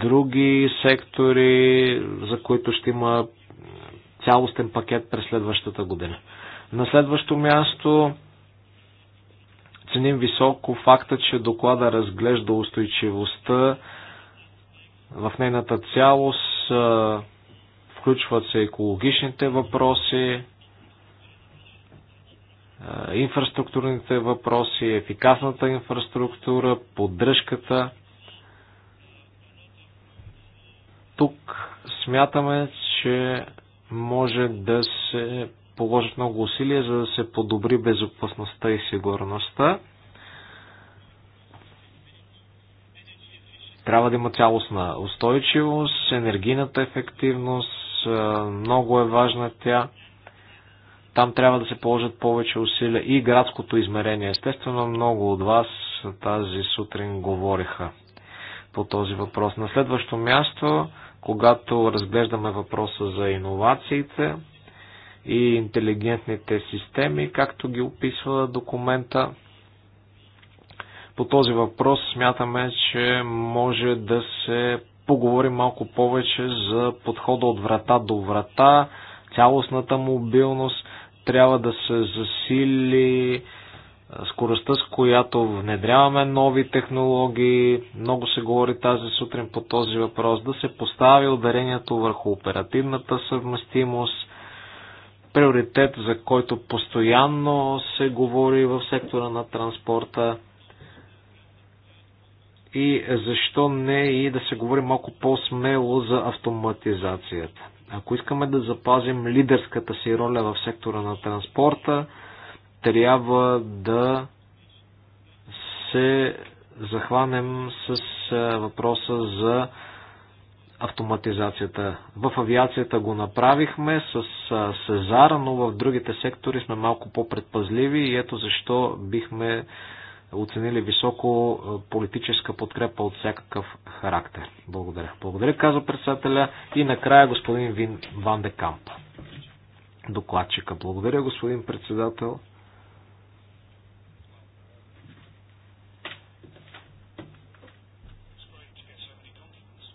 S5: други сектори, за които ще има цялостен пакет през следващата година. На следващо място ценим високо факта, че доклада разглежда устойчивостта в нейната цялост, е, Включват се екологичните въпроси, инфраструктурните въпроси, ефикасната инфраструктура, поддръжката. Тук смятаме, че може да се положат много усилия, за да се подобри безопасността и сигурността. Трябва да има цялостна устойчивост, енергийната ефективност, много е важна тя. Там трябва да се положат повече усилия и градското измерение. Естествено, много от вас тази сутрин говориха по този въпрос. На следващо място, когато разглеждаме въпроса за иновациите и интелигентните системи, както ги описва документа, по този въпрос смятаме, че може да се поговорим малко повече за подхода от врата до врата, цялостната мобилност, трябва да се засили скоростта, с която внедряваме нови технологии. Много се говори тази сутрин по този въпрос. Да се постави ударението върху оперативната съвместимост, приоритет, за който постоянно се говори в сектора на транспорта и защо не и да се говори малко по-смело за автоматизацията. Ако искаме да запазим лидерската си роля в сектора на транспорта, трябва да се захванем с въпроса за автоматизацията. В авиацията го направихме с Сезара, но в другите сектори сме малко по-предпазливи и ето защо бихме оценили високо политическа подкрепа от всякакъв характер. Благодаря. Благодаря, казва председателя. И накрая господин Вин Ван де Камп. Докладчика. Благодаря, господин председател.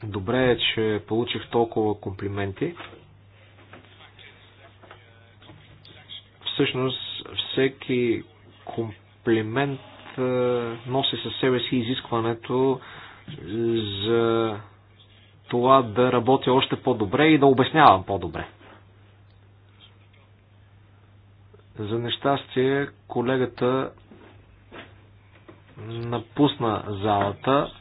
S5: Добре е, че получих толкова комплименти. Всъщност, всеки комплимент е, носи със себе си изискването е, за това да работя още по-добре и да обяснявам по-добре. За нещастие колегата напусна залата.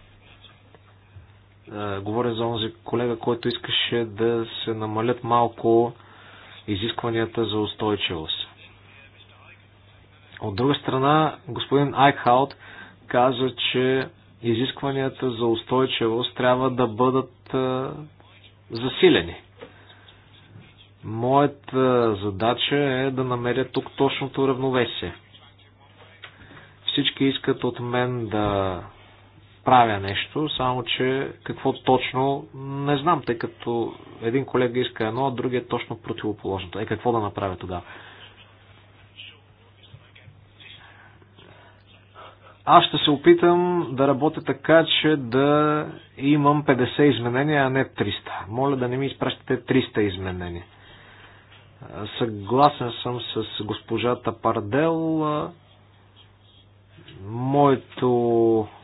S5: Е, говоря за онзи колега, който искаше да се намалят малко изискванията за устойчивост. От друга страна, господин Айкхаут каза, че изискванията за устойчивост трябва да бъдат е, засилени. Моята задача е да намеря тук точното равновесие. Всички искат от мен да правя нещо, само че какво точно не знам, тъй като един колега иска едно, а другия е точно противоположното. Е, какво да направя тогава? Аз ще се опитам да работя така, че да имам 50 изменения, а не 300. Моля да не ми изпращате 300 изменения. Съгласен съм с госпожата Пардел. Моето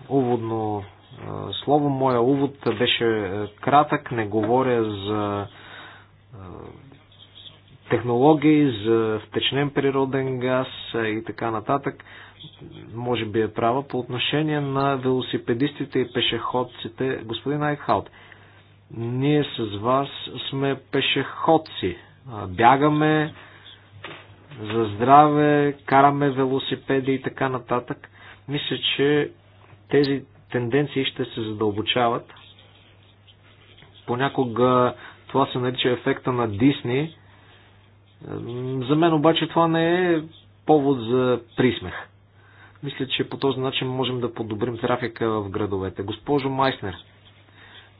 S5: уводно слово, моя увод беше кратък. Не говоря за технологии, за втечнен природен газ и така нататък може би е права. По отношение на велосипедистите и пешеходците, господин Айкхаут, ние с вас сме пешеходци. Бягаме за здраве, караме велосипеди и така нататък. Мисля, че тези тенденции ще се задълбочават. Понякога това се нарича ефекта на Дисни. За мен обаче това не е повод за присмех. Мисля, че по този начин можем да подобрим трафика в градовете. Госпожо Майснер,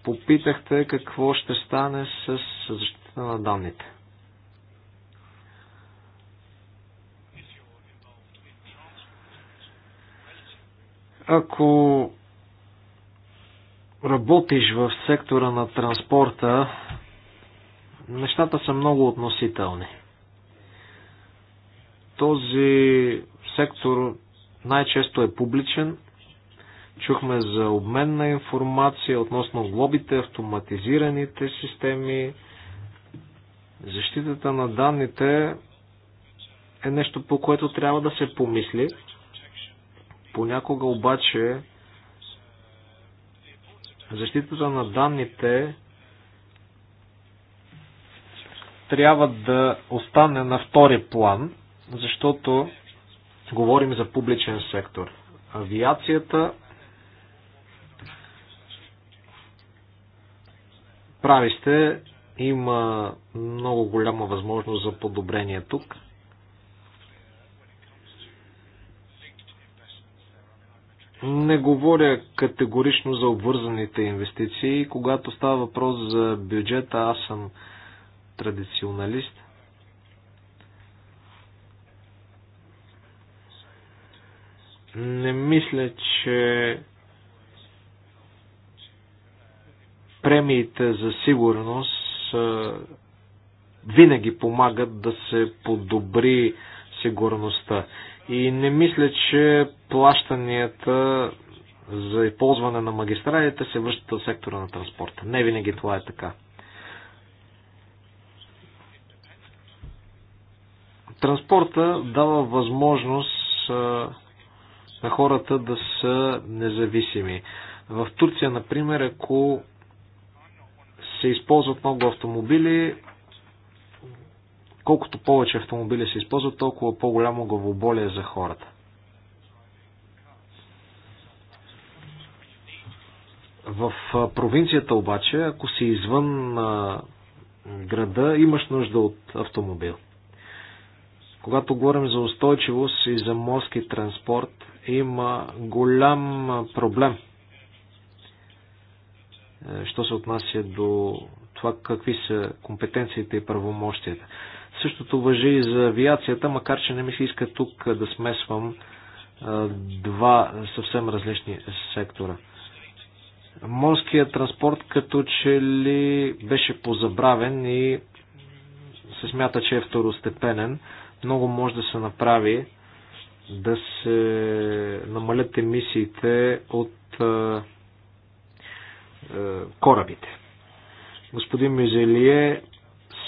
S5: попитахте какво ще стане с защита на данните. Ако работиш в сектора на транспорта, нещата са много относителни. Този сектор най-често е публичен. Чухме за обмен на информация относно глобите, автоматизираните системи. Защитата на данните е нещо, по което трябва да се помисли. Понякога обаче защитата на данните трябва да остане на втори план, защото Говорим за публичен сектор. Авиацията прави сте, има много голяма възможност за подобрение тук. Не говоря категорично за обвързаните инвестиции. Когато става въпрос за бюджета, аз съм традиционалист. Не мисля, че премиите за сигурност винаги помагат да се подобри сигурността. И не мисля, че плащанията за ползване на магистралите се връщат в сектора на транспорта. Не винаги това е така. Транспорта дава възможност на хората да са независими. В Турция, например, ако се използват много автомобили, колкото повече автомобили се използват, толкова по-голямо главоболие е за хората. В провинцията обаче, ако си извън града, имаш нужда от автомобил. Когато говорим за устойчивост и за морски транспорт, има голям проблем, е, що се отнася до това какви са компетенциите и правомощията. Същото въжи и за авиацията, макар че не ми се иска тук да смесвам е, два съвсем различни сектора. Морският транспорт като че ли беше позабравен и се смята, че е второстепенен. Много може да се направи да се намалят емисиите от е, е, корабите. Господин Мюзелие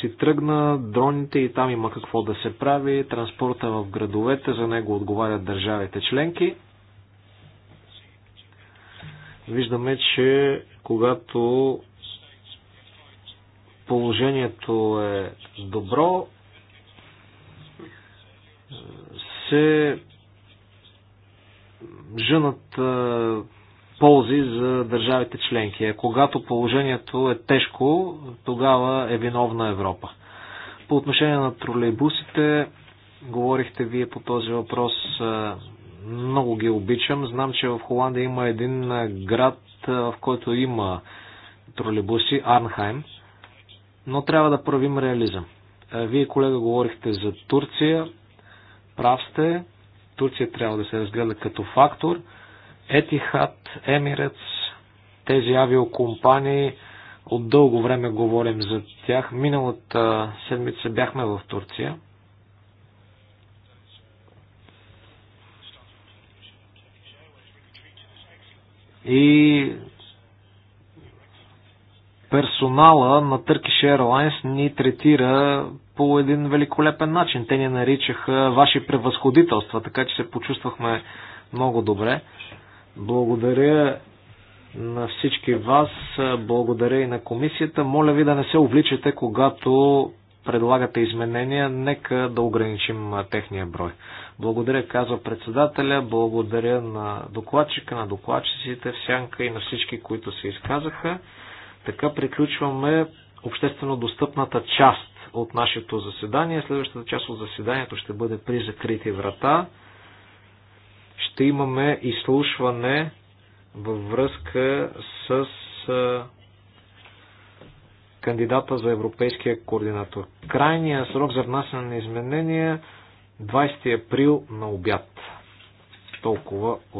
S5: си тръгна, дроните и там има какво да се прави, транспорта в градовете, за него отговарят държавите членки. Виждаме, че когато положението е добро, се женат ползи за държавите членки. А е, когато положението е тежко, тогава е виновна Европа. По отношение на тролейбусите, говорихте вие по този въпрос, много ги обичам. Знам, че в Холандия има един град, в който има тролейбуси, Арнхайм, но трябва да правим реализъм. Вие, колега, говорихте за Турция. Прав сте, Турция трябва да се разгледа като фактор. Етихат, Емирец, тези авиокомпании, от дълго време говорим за тях. Миналата седмица бяхме в Турция. И персонала на Turkish Airlines ни третира по един великолепен начин. Те ни наричаха ваши превъзходителства, така че се почувствахме много добре. Благодаря на всички вас, благодаря и на комисията. Моля ви да не се увличате, когато предлагате изменения, нека да ограничим техния брой. Благодаря, казва председателя, благодаря на докладчика, на докладчиците в сянка и на всички, които се изказаха. Така приключваме обществено достъпната част от нашето заседание. Следващата част от заседанието ще бъде при закрити врата. Ще имаме изслушване във връзка с кандидата за европейския координатор. Крайният срок за внасяне на изменения 20 април на обяд. Толкова от.